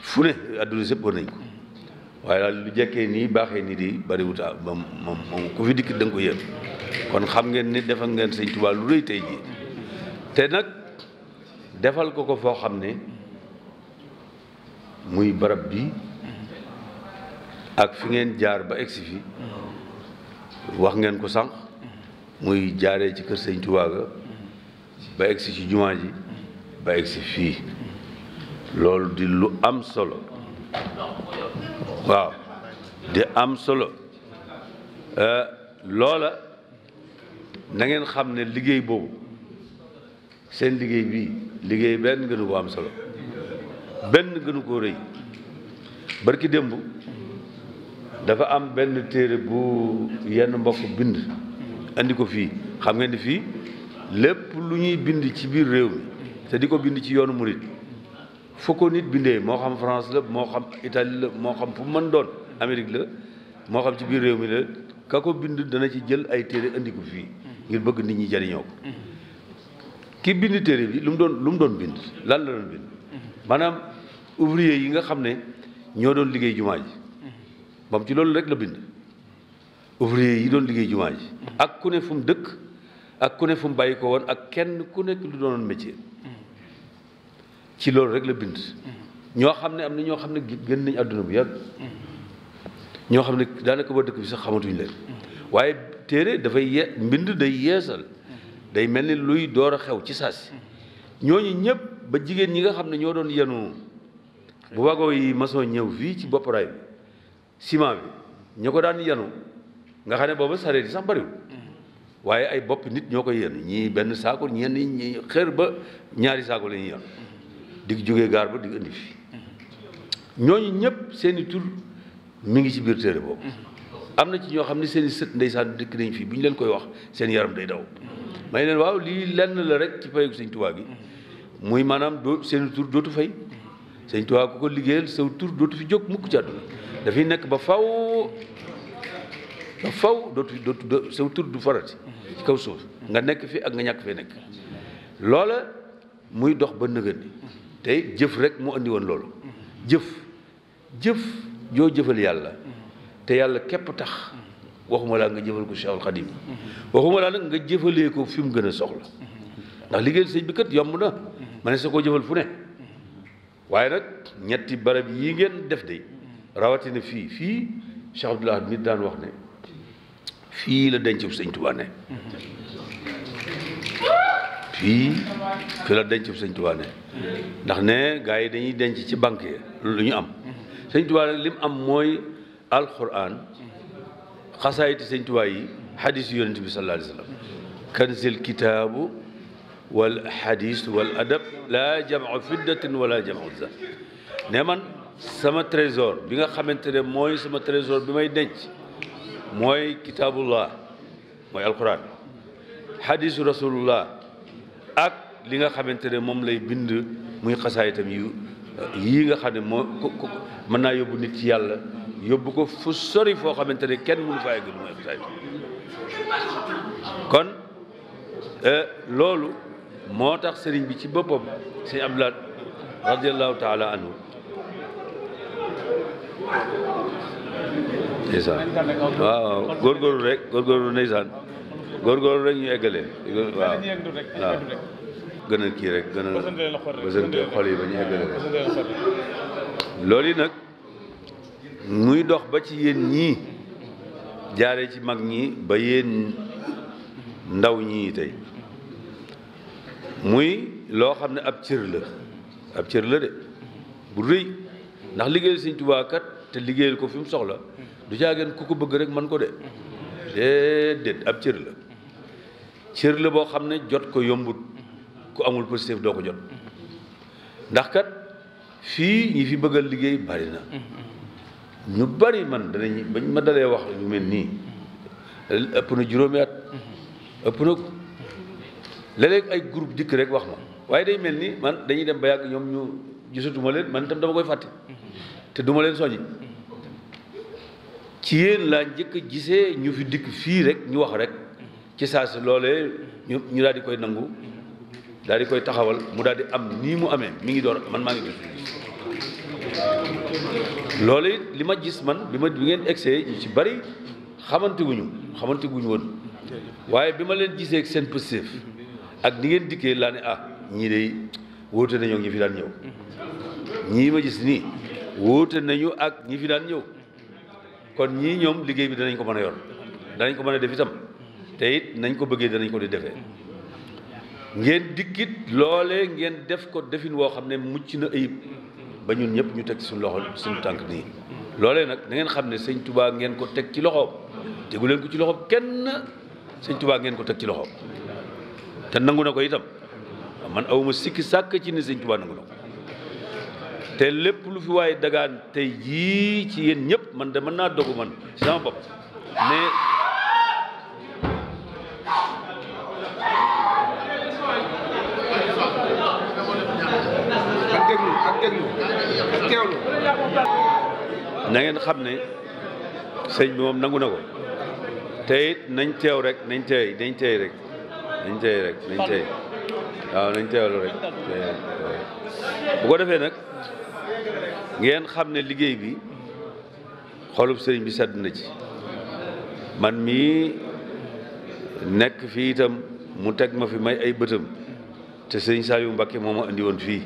S5: fu ne àdduna sépp wër nañ ko waaye daal lu jekkee nii baaxee nii di bariwut ba ah, moom moom ku fi dikk da ko yëg kon xam ngeen ni defal ngeen sëñ Tuubaa lu rëy tey jii te nag defal ko ko foo xam ne muy barab bi ak fi ngeen jaar ba egsi fi wax ngeen ko sànq muy jaaree ci kër sëñ Tuubaa ba egsi ci jumaa ji ba egsi fii loolu di lu am solo waaw di am solo euh, loola nangeen xam ne liggéey boobu seen liggéey bii liggéey benn gënu ko am solo benn gënu koo rëy barki démb dafa am benn téere bu yenn mbokk bind andi ko fii xam ngeen ni fii lépp lu ñuy bind ci biir réew mi te di ko bind ci yoonu murit foo ko nit bindee moo xam France la moo xam itali la moo xam fu man doon Amérique la moo xam ci biir réew mi la ka ko bind dana ci jël ay téere indiku fii ngir bëgg nit ñi jariñoo ko ki bind téere bi lu mu doon lu mu doon bind lan la doon bind maanaam ouvrier yi nga xam ne ñoo doon liggéey jumaa ji moom ci loolu rek la bind ouvrier yi doon liggéey jumaa ji ak ku ne fu mu dëkk ak ku ne fu mu bàyyi ko woon ak kenn ku nekk lu doonoon métier ci loolu rek la bind ñoo xam ne am na ñoo xam ne gën nañ àdduna bu yàgg ñoo xam ne daanaka ba dëkk bi sax xamatuñu leen waaye téere dafay ye mbind day yeesal day mel ni luy door a xew ci saasi ñooñu ñëpp ba jigéen ñi nga xam ne ñoo doon yenu bu wago yi maçon ñëw fii ci bopp raay bi ciment ko daan yenu nga xam ne booba sareet yi sax bariwul waaye ay bopp nit ñoo ko yenu ñi benn saako ñenn ñi xër ba ñaari saako la ñuy di jóge gaar ba di indi fi ñooñu ñëpp seen i tur mi ngi ci biir téere boobu. am na ci ñoo xam ne seeni i sët ndeysaan dëkk nañ fii bu ñu leen koy wax seen yaram day daw. may leen waaw lii lenn la rek ci fayeeku sëñ tuwaa gi muy maanaam doo seen tur dootu fay sëñ Tuubaa ku ko liggéeyal sa tur dootu fi jóg mukk ci àdduna dafay nekk ba faw ba faw dootu dootu sa tur du farati ci kaw suuf nga nekk fi ak nga ñàkk fee nekk loola muy dox ba nëgën te jëf rek mu andi woon loolu jëf jëf joo jëfal yàlla te yàlla képp tax waxuma laa nga jëfal ko Cheikhul Khadim waxuma laa nag nga jëfalee ko fi mu gën a soxla ndax liggéeyal sëñ bi kat yomb na ma ne sa koo jëfal fu ne waaye nag ñetti barab yi ngeen def de rawatina fii fii Cheikh Abdoul Ahad mi daan wax ne fii la denc sëñ Tuubaa ne fii fi la denc sëñ Tuubaa ne ndax ne gars yi dañuy denc ci banque yi lu ñu am sëñ Tuubaa nag li mu am mooy alquran xasaayiti sëñ Tuubaa yi xadis yu yonent bi sallallahu alayhi wa sallam kanzil kitaabu wal xadis wal adab laa jamcu fiddatin wala jamcu zahab ne man sama trésor bi nga xamante ne mooy sama trésor bi may denc mooy kitaabullah mooy alquran xadisu rasulullah ak li nga xamante ne moom lay bind muy xasaayitam yu euh, yii nga xam ne moo ko mën naa yóbbu nit ci yàlla yóbbu ko fu sori foo xamante ne kenn mënu fa egg lu mooy kon euh, loolu moo tax sëriñ bi ci boppam sëñ Abdoulaat radiallahu taala anhu ndeysaan waaw góorgóorlu rek góorgóorlu ndeysaan góorgóorlu rek ñu eggale. kii rek gën a loolu nag muy dox ba ci yéen ñii jaare ci mag ñi ba yéen ndaw ñii tey muy loo xam ne ab cër la ab cër la de bu rëy ndax liggéeyal Sëñ Tuubaa te liggéeyal ko fi mu soxla du caa gën ku ko bëgg rek man ko de déedéet ab cër la. cër la boo xam ne jot ko yombut ku amul positif doo ko jot ndax kat fii ñi fi bëgga liggéey bari ñu bari man danañ bañ ma dalee wax yu mel nii ëpp na juróomi at ëpp na léeg-léeg ay groupe dikk rek wax ma waaye day mel ni man dañuy dem ba yàgg ñoom ñu gisatuma leen man itam dama koy fàtte te duma leen soññi ci yéen laa njëkk a gisee ñu fi dikk fii rek ñu wax rek ci saa si loolee ñu ñu daal di koy nangu daal di koy taxawal mu daal di am nii mu amee mi ngi door man maa ngi gis loolu it li ma gis man bi ma ngeen egsee ñu ci bari xamante guñu xamante guñu woon waaye bi ma leen gisee ak seen positif ak ni ngeen dikkee laa ne ah ñii de wóote nañoo ak ñi fi daan ñëw ñii ma gis nii wóote nañu ak ñi fi daan ñëw kon ñii ñoom liggéey bi danañ ko mën a yoon danañ ko mën a def itam tey nañ ko bëggee danañ ko di defee ngeen dikkit loole ngeen def ko defin woo xam ne mucc na ayib ba ñun ñëpp ñu teg suñu loxo suñu tànk nii loole nag na ngeen xam ne sëñ tubaa ngeen ko teg ci loxoom tegu ci loxoom kenn sëñ ngeen ko teg ci loxoom te nangu na ko itam man awma sikki sàkk ci ni sëñ tubaa nangu na ko te lépp lu fi waaye dagaan tey jii ci yéen ñëpp man de mën naa dogu man sama bopp mais nangeen xam ne sëñ bi moom nangu na ko te nañ teew rek nañ teey nañ teey rek nañ teey rek nañ teey waaw nañ teewlu rek bu defee nag ngeen xam ne liggéey bi xolub sëriñ bi sedd na ci man mii nekk fii itam mu teg ma fi may ay bëtam te sëriñ Saliou Mbacké moo moom andi woon fii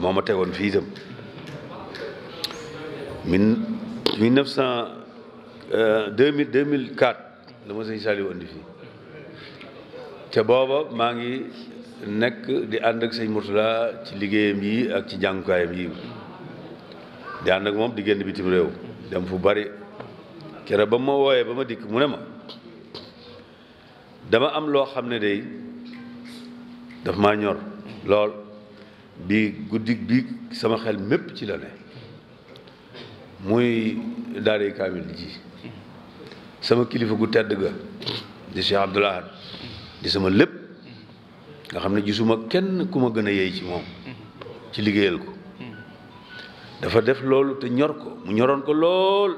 S5: moo ma tegoon fii itam mille neuf cent euh, deux mille deux mille quatre la ma sëñ Saliou andi fii te booba maa ngi nekk di ànd ak sëñ Mourtala ci liggéeyam yi ak ci jàngukaayam yi di ànd ak moom di génn bitim réew dem fu bari kere ba ma wooyee ba ma dikk mu ne ma dama am loo xam ne day daf maa ñor lool bii guddi bii sama xel mépp ci la ne muy daaray kaamil ji sama kilifa gu tedd ga di Cheikh Abdoul Ahad di sama lépp nga xam ne gisuma kenn ku ma gën a yey ci moom ci liggéeyal ko dafa def loolu te ñor ko mu ñoroon ko lool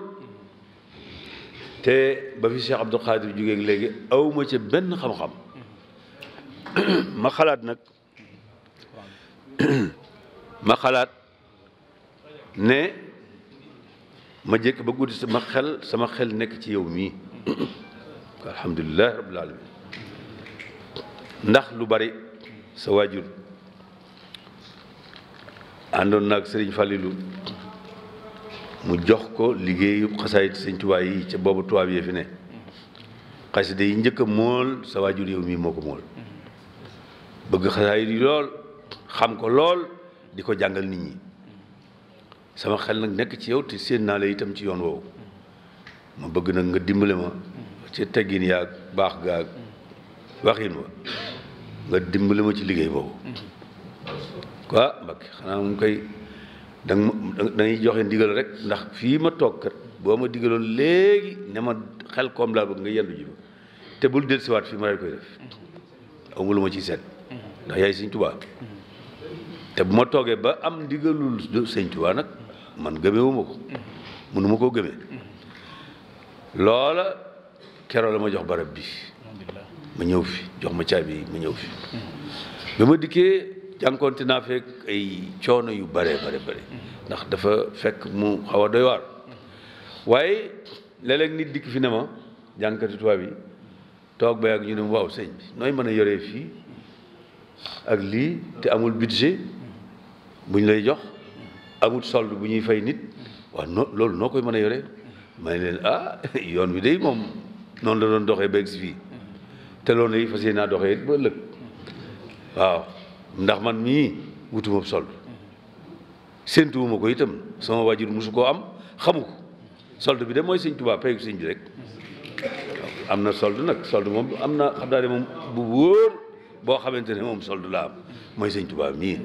S5: te ba fi Cheikh Abdoul Khadir jógee léegi awma ci benn xam-xam ma xalaat nag ma xalaat ne ma jékk ba guddi sama xel sama xel nekk ci yow mii alhamdulilah rabbil alamin ndax lu bari sa waajur àndoon naag sëriñ Fallilou mu jox ko liggéeyu xasaayit sëñ Tuubaa yi ca boobu tubaab yee fi ne xasida yi njëkk a mool sa waajur yow mii moo ko mool bëgg xasaayit yi lool xam ko lool di ko jàngal nit ñi sama xel nag nekk ci yow te séen naa la itam ci yoon woowu ma bëgg nag nga dimbale ma ci teggin yaag baax gaag waxin ma nga dimbale ma ci liggéey boobu quoi Mbacke xanaa mu koy danga dañuy joxe ndigal rek ndax fii ma toog kat boo ma digaloon léegi ne ma xel koom laa bëgg nga yendu ji ma te bul dellusiwaat fii ma rek koy def amul ma ci seet ndax yaay sëñ Tuubaa te bu ma toogee ba am ndigalul sëñ Tuubaa nag man gëmewuma ko mënuma koo gëmee loola keroo la ma jox barab bi ma ñëw fi jox ma caabi yi ma ñëw fi ba ma dikkee jànkoonte naa fekk ay coono yu bare bare bare ndax dafa fekk mu xaw a doy waar waaye lelek nit dikk fi ne ma jànkati tubaab bi toog ba ak ñu ne waaw sëñ bi nooy mën a yore fii ak lii te amul budget buñ lay jox amut solde bu ñuy fay nit waaw loolu noo koy mën a yore ma ne leen ah [laughs] yoon wi day moom noonu la doon doxee beeg fii te loolu yi fas yéene naa doxee it ba man mii wutuma solde séentuwuma ko itam sama waajur mosu koo am xamu ko solde bi de mooy sëñ Tuubaa bi rek am na solde nag solde moom am na xam naa ne moom bu wóor boo xamante ne moom solde la am mooy sëñ Tuubaa mii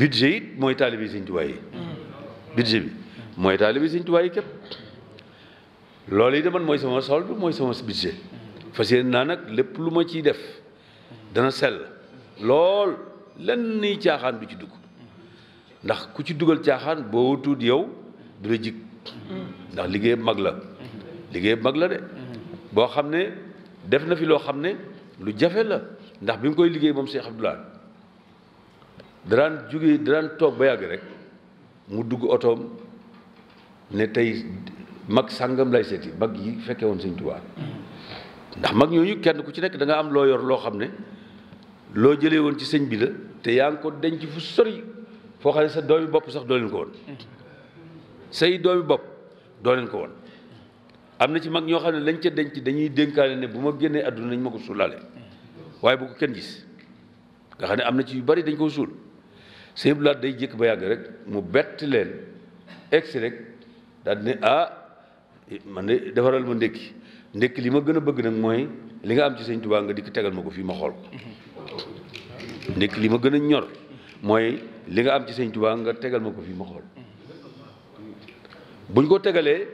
S5: budget it mooy taalibe Sëñ Tuubaa yi budget bi mooy taalibe Sëñ Tuubaa yi képp loolu yi man mooy sama solde mooy sama budget fas yéene naa nag lépp lu ma ciy def dana sell lool lenn ni caaxaan du ci dugg ndax ku ci dugal caaxaan boo tuut yow du la jig ndax liggéey mag la liggéey mag la de boo xam ne def na fi loo xam ne lu jafe la ndax bi mu koy liggéey moom Cheikh Abdoulaye daraan jóge daraan toog ba yàgg rek mu dugg otoom ne tey mag sàngam lay seeti mag yi fekke woon sëñ Tuubaa ndax mag ñooñu kenn ku ci nekk danga am loo yor loo xam ne loo jëlee woon ci sëñ bi la te yaa ngi ko denc fu sori foo xam ne sa doomi bopp sax doo leen ko woon say doomi bopp doo leen ko woon am na ci mag ñoo xam ne lañ ca denc dañuy dénkaane ne bu ma génnee àdduna nañ ma ko suulaale waaye bu ko kenn gis nga xam ne am na ci yu bari dañ ko suul sëñ day jékk ba yàgg rek mu bett leen egsi rek daal ne ah man de defaral ma ndékki ndékki li ma gën a bëgg nag mooy li nga am ci sëñ Tuubaa nga dikk tegal ma ko fii ma xool ndékki li ma gën a ñor mooy li nga am ci sëñ Tuubaa nga tegal ma ko fii ma xool ko tegalee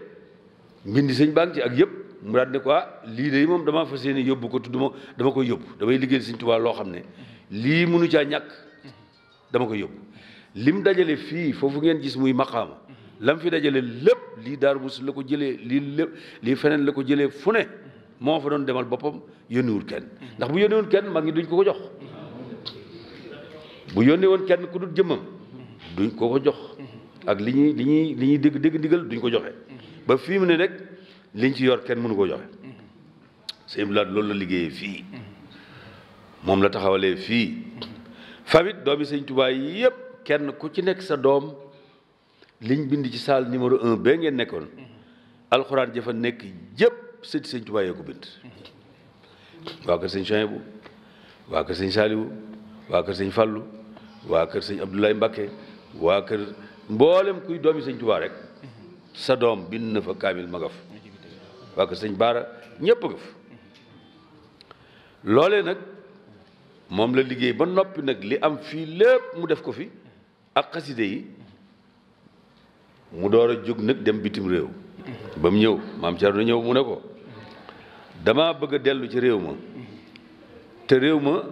S5: mbindi sëñ baa ci ak yëpp mu daal ne ko ah lii de moom damaa fa yéene yóbbu ko tudd ma dama koy yóbbu damay liggéeyal sëñ Tuubaa loo xam ne lii mënu caa ñàkk. dama koy yóbbu lim dajale fii foofu ngeen gis muy maqaama lam fi dajale lépp lii Daaru Musti la ko jëlee lii lépp lii feneen la ko jëlee fu ne moo fa doon demal boppam yónniwul kenn ndax bu yónniwul kenn mag ñi duñ ko ko jox bu yónnee woon kenn ku dul jëmmam duñ ko ko jox ak li ñuy li ñuy li ñuy dégg dégg ndigal duñ ko joxe ba fii mu ne rek liñ ci yor kenn mënu ko joxe sëñ bi loolu la liggéeyee fii moom la taxawalee fii famille doomi sëñ Tuubaa yépp kenn ku ci nekk sa doom liñ bind ci salle numéro un ba ngeen nekkoon alxuraan jafa nekk jëpp sëti sëñ Tuubaa yee ko bind waa kër sëñ Suhaybu waa kër sëñ Saaliwu waa kër sëñ Fallu waa kër sëñ Abdoulaye Mbakke waa kër mboolem kuy doomi sëñ Tuubaa rek sa doom bind na fa kaamil magaf waa kër sëñ Baara ñépp a gëf loolee nag moom la liggéey ba noppi nag li am fii lépp mu def ko fi ak xaside yi mu door a jóg nag dem bitim réew ba mu ñëw maam Thierno ñëw mu ne ko dama bëgg a dellu ci réew ma te réew ma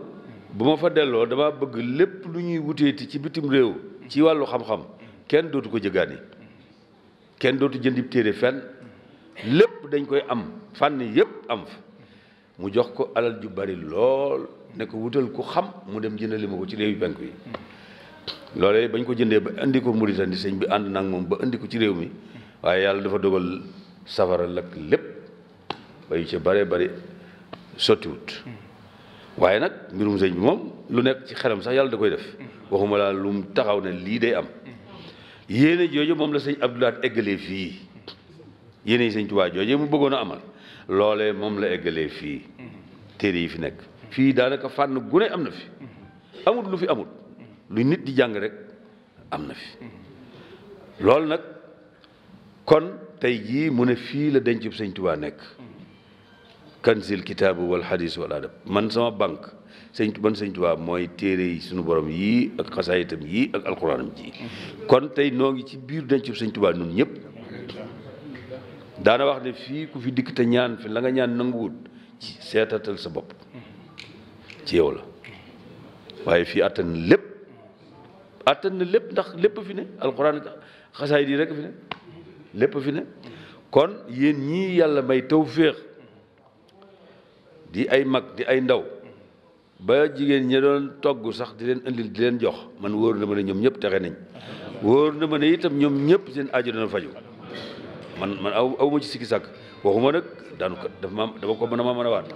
S5: bu ma fa delloo dama bëgg lépp lu ñuy wuteeti ci bitim réew ci wàllu xam-xam kenn dootu ko jëgaani kenn dootu jëndib téere fenn lépp dañ koy am fànn yépp am fa mu jox ko alal ju bari lool ne ko wutal ku xam mu dem jëndali ma ko ci réew yu penk yi loolee bañ ko jëndee ba indi ko Mauritanie sëñ bi ànd nag moom ba indi ko ci réew mi waaye yàlla dafa dogal safara lak lépp ba yu ci bare bare sottiwut waaye nag mbirum sëñ bi moom lu nekk ci xelam sax yàlla da koy def waxuma laa lu mu taxaw ne lii day am yéene jooju moom la sëñ Abdoulaat eggalee fii yéene yi sëñ Tuubaa jooju mu bëggoon a amal loolee moom la eggalee fii téere yi fi nekk fii daanaka fànn gune am na fi amut lu fi amut lu nit di jàng rek am na fi loolu nag kon tey jii mu ne fii la dencub sëñ Tuubaa nekk kanzil kitaabu wal xadis wal adab man sama banque sëñ man sëñ mooy téere yi sunu borom yii ak xasaayitam yii ak alxuraanam ji kon tey noo ngi ci biir dencub sëñ Tuubaa nun ñëpp daana wax ne fii ku fi dikk te ñaan fi la nga ñaan nanguwut ci seetatal sa bopp ci yow la waaye fii àttan na lépp àttan na lépp ndax lépp fi ne alxuraan xasaay di rek fi ne lépp fi ne kon yéen ñii yàlla may tawféex di ay mag di ay ndaw ba jigéen ñi doon togg sax di leen indil di leen jox man wóor na ma ne ñoom ñëpp texe nañ wóor na ma ne itam ñoom ñëpp seen aajo dana faju man man aw aw ma ci sikki sàkk waxuma nag daanu kat dafa ko mën a ma mën a waat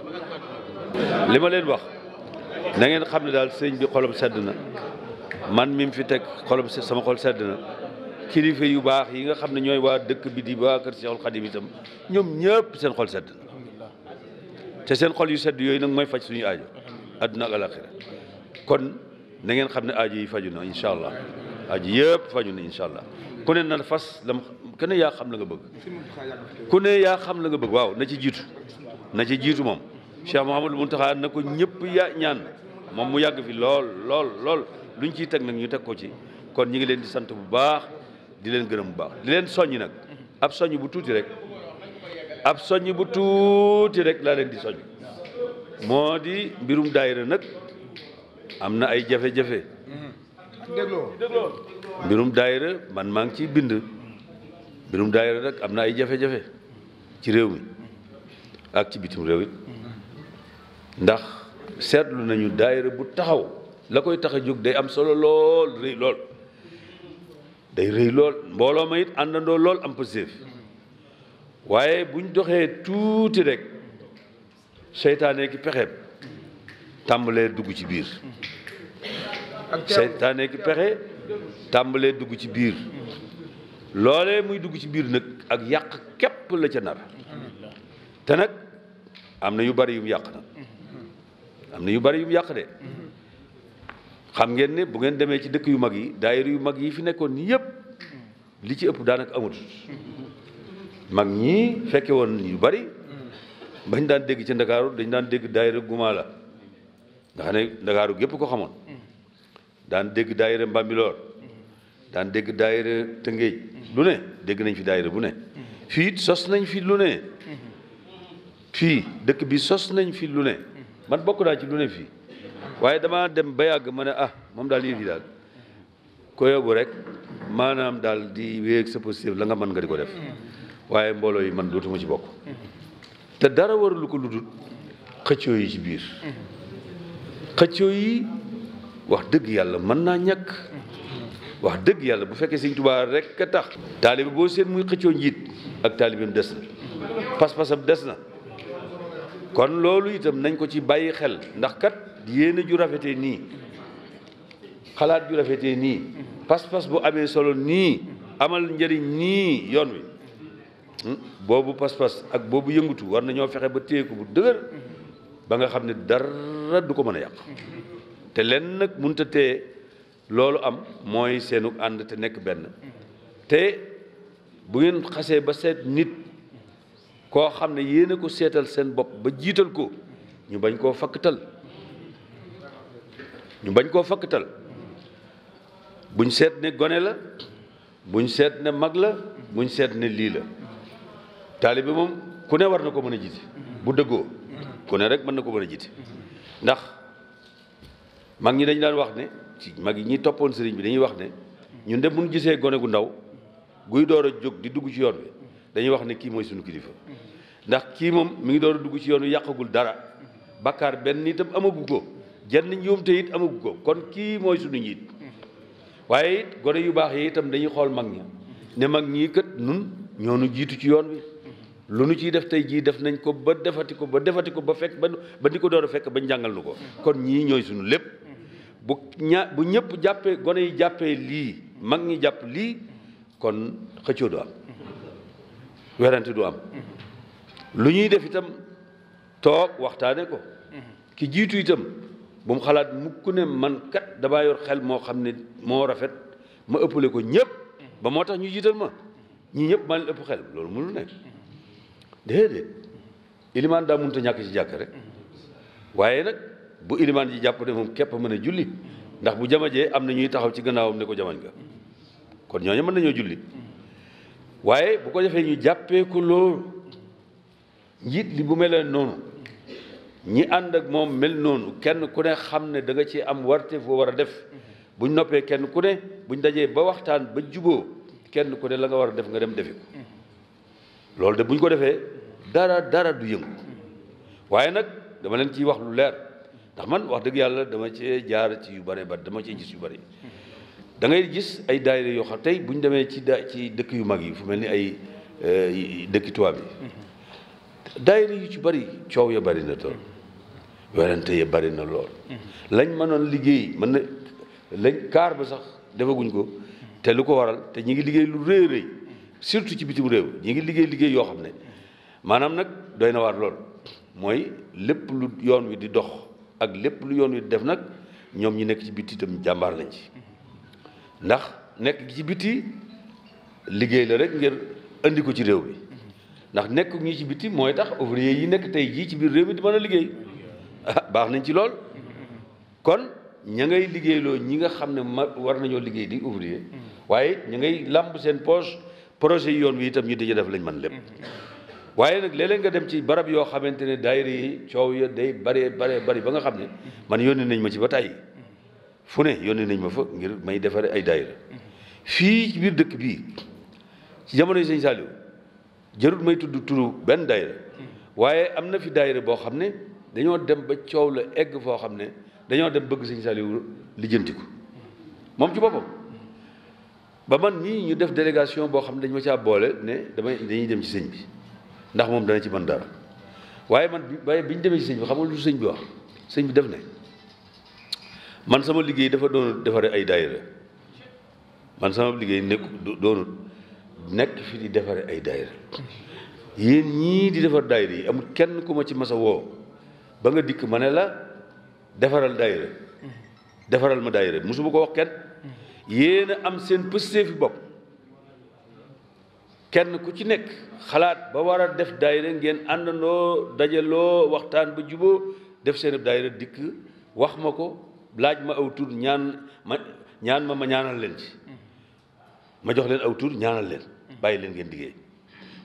S5: li ma leen wax na ngeen xam ne daal sëñ bi xolam sedd na man mi mu fi teg xolam sama xol sedd na kilifa yu baax yi nga xam ne ñooy waa dëkk bi di waa kër Seexul Xadim itam ñoom ñëpp seen xol sedd na te seen xol yu sedd yooyu nag mooy faj suñu aajo àdduna ak alaxira kon na ngeen xam ne aajo yi faju na incha allah aajo yëpp faju na incha allah ku ne na fas ku ne yaa xam la nga
S2: bëgg ku
S5: ne yaa xam la nga bëgg waaw na ci jiitu na ci jiitu moom Cheikh Mouhamadou Mountakha na ko ñëpp yaa ñaan moom mu yàgg fi lool lool lool luñ ciy teg nag ñu teg ko ci kon ñi ngi leen di sant bu baax di leen gërëm bu baax di leen soññi nag ab soññ bu tuuti rek ab soññ bu tuuti rek laa leen di soññ moo di mbirum daayira nag am na ay jafe-jafe mbirum daayira man maa ngi ciy bind mbirum daayira nag am na ay jafe-jafe ci réew mi ak ci bitim réew it ndax seetlu nañu daayira bu taxaw la koy tax a jóg day am solo lool rëy lool day rëy lool mbooloo ma it àndandoo lool am positif waaye buñ doxee tuuti rekk seytaane ki pexeem tàmbalee dugg ci biir seytaane ki pexe tàmbalee dugg ci biir loolee muy dugg ci biir nag ak yàq képp la ca nar te nag am na yu bari yum yàq nag am na yu bari yu mu yàq de xam ngeen ni bu ngeen demee ci dëkk yu mag yi daayira yu mag yi fi nekkoon yëpp li ci ëpp daanaka amut mag ñii fekke woon yu bari bañ daan dégg ci ndakaaru dañ daan dégg daayira gumaa la nga xam ne ko xamoon daan dégg daayira mbambiloor daan dégg daayira tëngéej lu ne dégg nañ fi daayira bu ne fii sos nañ fi lu ne fii dëkk bi sos nañ fi lu ne man bokk naa ci lu ne fii waaye damaa dem ba yàgg ma ne ah moom daal yëf yi daal ko yóbbu rek maanaam daal di wéeg sa positif la nga mën nga di ko def waaye mbooloo yi man dootuma ci bokk te dara warul ko lu dul xëccoo yi ci biir xëccoo wax dëgg yàlla mën naa ñàkk wax dëgg yàlla bu fekkee si Tuubaa rek a taalibe boo seen muy xëccoo njiit ak taalibeem des na pas-pasam des na kon loolu itam nañ ko ci bàyyi xel ndax kat yéene ju rafetee nii xalaat ju rafetee nii pas-pas bu amee solo nii amal njëriñ nii yoon wi hmm? boobu pas-pas ak boobu yëngutu war na ñoo fexe ba téye ko bu dëgër ba nga xam ne dara du ko mën a yàq te leen nag mënut a téye loolu am mooy seenu ànd te nekk benn te bu ngeen xasee ba seet nit koo xam ne yéen a ko seetal seen bopp ba jiital ko ñu bañ koo fakkatal ñu bañ koo fakkatal buñ seet ne gone la buñ seet ne mag la buñ seet ne lii la taalibe moom ku ne war na ko mën a jiite bu dëggoo ku ne rek mën na ko mën a jiite ndax mag ñi dañ daan wax ne ci mag yi ñi toppoon sëriñ bi dañuy wax ne ñu de mun gisee gone gu ndaw guy door a jóg di dugg ci yoon bi dañuy wax ne kii mooy suñu kilifa ndax kii moom mi ngi doon a dugg ci yoonu yàqagul dara bakkaar benn itam amagu ko jenn njuumte it amagu ko kon kii mooy sunu njiit waaye it gone yu baax yi itam dañuy xool mag ñi ne mag ñii kat nun ñoo jiitu ci yoon wi lu nu ciy def tey jii def nañ ko ba defati ko ba defati ko ba fekk ba ba ni ko doon a fekk ba njàngal nu ko kon ñii ñooy sunu lépp bu ña bu ñëpp jàppee gone yi jàppee lii mag ñi jàpp lii kon xëccoo du am werante du am lu ñuy def itam toog waxtaane ko ki jiitu itam bu mu xalaat mukk ne man kat dama yor xel moo xam ne moo rafet ma ëppale ko ñëpp ba moo tax ñu jiital ma ñi ñëpp man leen ëpp xel loolu mënul nekk déedéet ilimaan daa mënut ñàkk ci jàkk rek waaye nag bu ilimaan ji jàpp ne moom képp mën a julli ndax bu jamajee am na ñuy taxaw ci gannaawam ne ko jamañ nga kon ñooñu mën nañoo julli waaye bu ko defee ñu jàppee ko loolu njiit li bu meleen noonu ñi ànd ak moom mel noonu kenn ku ne xam ne da nga ci am warte foo war a def buñ noppee kenn ku ne buñ dajee ba waxtaan ba juboo kenn ku ne la nga war a def nga dem defi ko loolu de buñ ko defee dara dara du yëngu waaye nag dama leen ciy wax lu leer ndax man wax dëgg yàlla dama cee jaar ci yu bare ba dama cee gis yu bare dangay gis ay daayira yoo xam tey buñ demee ci da ci dëkk yu mag yi fu mel ni ay euh, dëkki tubaab yi daayira yu ci bëri coow ya bëri na lool
S6: werante ya bëri na
S5: lool lañ mënoon liggéey mën na lañ kaar ba sax defaguñ ko te lu ko waral te ñi ngi liggéey lu rëy rëy surtout ci bitim réew ñu ngi liggéey liggéey yoo xam ne maanaam nag doy na waar lool mooy lépp lu yoon wi di dox ak lépp lu yoon wi di def nag ñoom ñi nekk ci biti itam jàmbaar lañ ci ndax nekk ci biti liggéey la rek ngir indi ko ci réew bi ndax nekk ñu ci biti mooy tax ouvrier yi nekk tey jii ci biir réew mi di mën a liggéey ah baax nañ ci lool kon ña ngay liggéeyloo ñi nga xam ne ma war nañoo liggéey di ouvrier waaye ña ngay làmp seen poche projet yi yoon wi itam ñu di def lañ man lépp waaye nag léeg-léeg nga dem ci barab yoo xamante ne daayira yi coow ya day bare bare bari ba nga xam ne man yónni nañ ma ci ba tàyyi fu ne yónni nañ ma fa ngir may defaree ay daayira fii ci biir dëkk bii ci jamono yi jërul may tudd turu benn daayira waaye am na fi daayira boo xam ne dañoo dem ba coow la egg foo xam ne dañoo dem bëgg sëñ Saliou lijjanti ko moom ci boppam ba man nii ñu def délégation boo xam ne dañ ma caa boole ne damay dañuy dem ci sëñ bi ndax moom dana ci mën dara waaye man bi waaye bi ñu demee ci sëñ bi xam nga lu sëñ bi wax sëñ bi def ne man sama liggéey dafa doonu defaree ay daayira man sama liggéey nekk doonut nekk fi di defaree ay daayira yéen ñii di defar daayira yi amul kenn ku ma ci masa woo ba nga dikk ma ne la defaral daayira defaral ma daayira musuma ko wax kenn yéen a am seen pëstee fi bopp kenn ku ci nekk xalaat ba war a def daayira ngeen àndandoo dajaloo waxtaan ba juboo def seen dayre dikk wax ma ko laaj ma aw tur ñaan ma ñaan ma ñaanal leen ci ma jox leen aw tur ñaanal leen bàyyi leen ngeen liggéey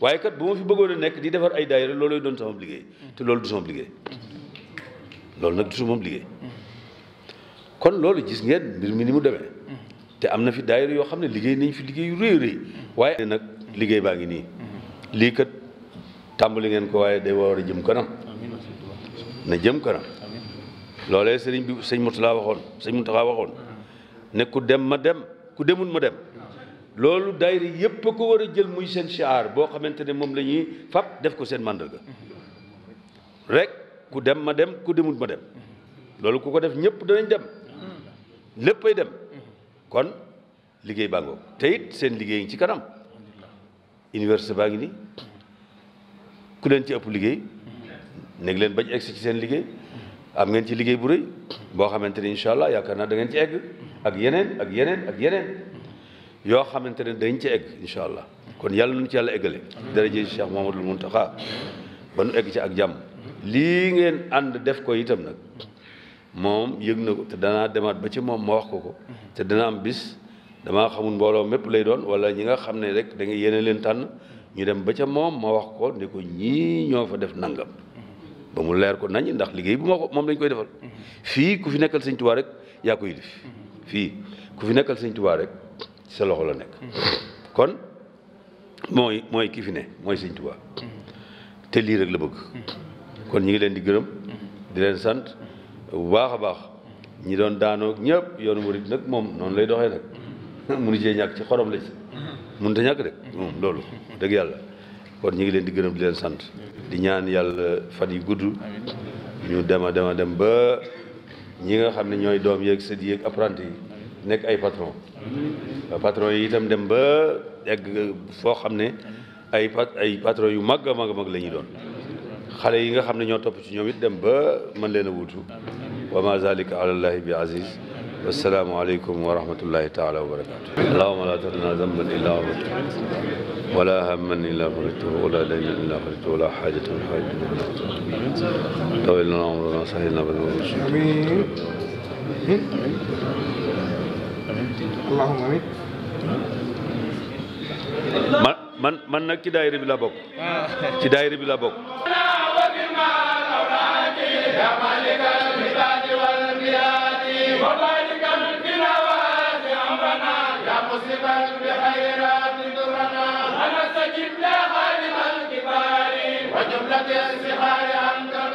S5: waaye kat bu ma fi bëggoon a nekk di defar ay daayira loolooy doon sama liggéey te loolu du sama liggéey loolu nag du su moom liggéey kon loolu gis ngeen mbir mi ni mu demee te am na fi daayira yoo xam ne liggéey nañu fi liggéeyu yu rëy waaye nag liggéey baa ngi nii lii kat tàmbali ngeen ko waaye day war a jëm kanam na jëm kanam loolee sëriñ bi sëñ Moutala waxoon sëñ Moutala waxoon ne ku dem ma dem ku demul ma dem loolu daayira yépp a ko war a jël muy seen siyaar boo xamante ne moom la ñuy fab def ko seen màndarga rek ku dem ma dem ku demut ma dem loolu ku ko def ñëpp danañ dem léppay dem kon liggéey baa ngoog te seen liggéey ci kanam université baa ngi nii ku leen ci ëpp liggéey nekk leen bañ egg si ci seen liggéey am ngeen ci liggéey bu rëy boo xamante ne incha allah yaakaar naa da ngeen ci egg ak yeneen ak yeneen ak yeneen yoo xamante ne dañ ci egg incha allah kon yàlla nu ci yàlla eggale daraje Cheikh Mouhamadoul Mountakha ba nu egg ci ak jàmm lii ngeen ànd def ko itam nag moom yëg na ko te danaa demaat ba ci moom ma wax ko ko te dana am bis damaa xamul mbooloo mépp lay doon wala ñi nga xam ne rek da nga yéene leen tànn ñu dem ba ca moom ma wax ko ni ko ñii ñoo fa def nangam ba mu leer ko nañ ndax liggéey bu ma ko moom dañ koy defal fii ku fi nekkal sëñ Tuubaa rek yaa koy fii ku fi nekkal sëñ rek ci sa loxo la nekk. kon mooy mooy ki fi ne mooy Sëñ Tuubaa te lii rek la bëgg. kon ñi ngi leen di gërëm. di leen sant bu baax a baax. ñi doon daanoo ñëpp yoonu murid nag moom noonu lay doxee nag [laughs] mu cee ñàkk ci xorom la ci mënut a ñàkk rek moom loolu dëgg yàlla kon ñu ngi leen di gërëm di leen sant di ñaan yàlla fan yi gudd ñu dema dema dem ba ñi nga xam ne ñooy doom yeeg sët yeeg apprenti yi nekk ay patron patron yi itam dem ba xam ne ay ay patron yu mag a mag a mag doon xale yi nga xam ne ñoo topp ci ñoom it dem ba mën leen a wuutu wa ma zalika ala llahi bi hamman illa farajtahu wa la illa qadaytahu wa la hajatan min hawaij
S6: الدنيا
S5: tawil lana umrana sahhil allahumma amin man man man nag ci daayira bi laa bokk ah. ci daayira bi laa bokk
S6: وجملة الزهار أنت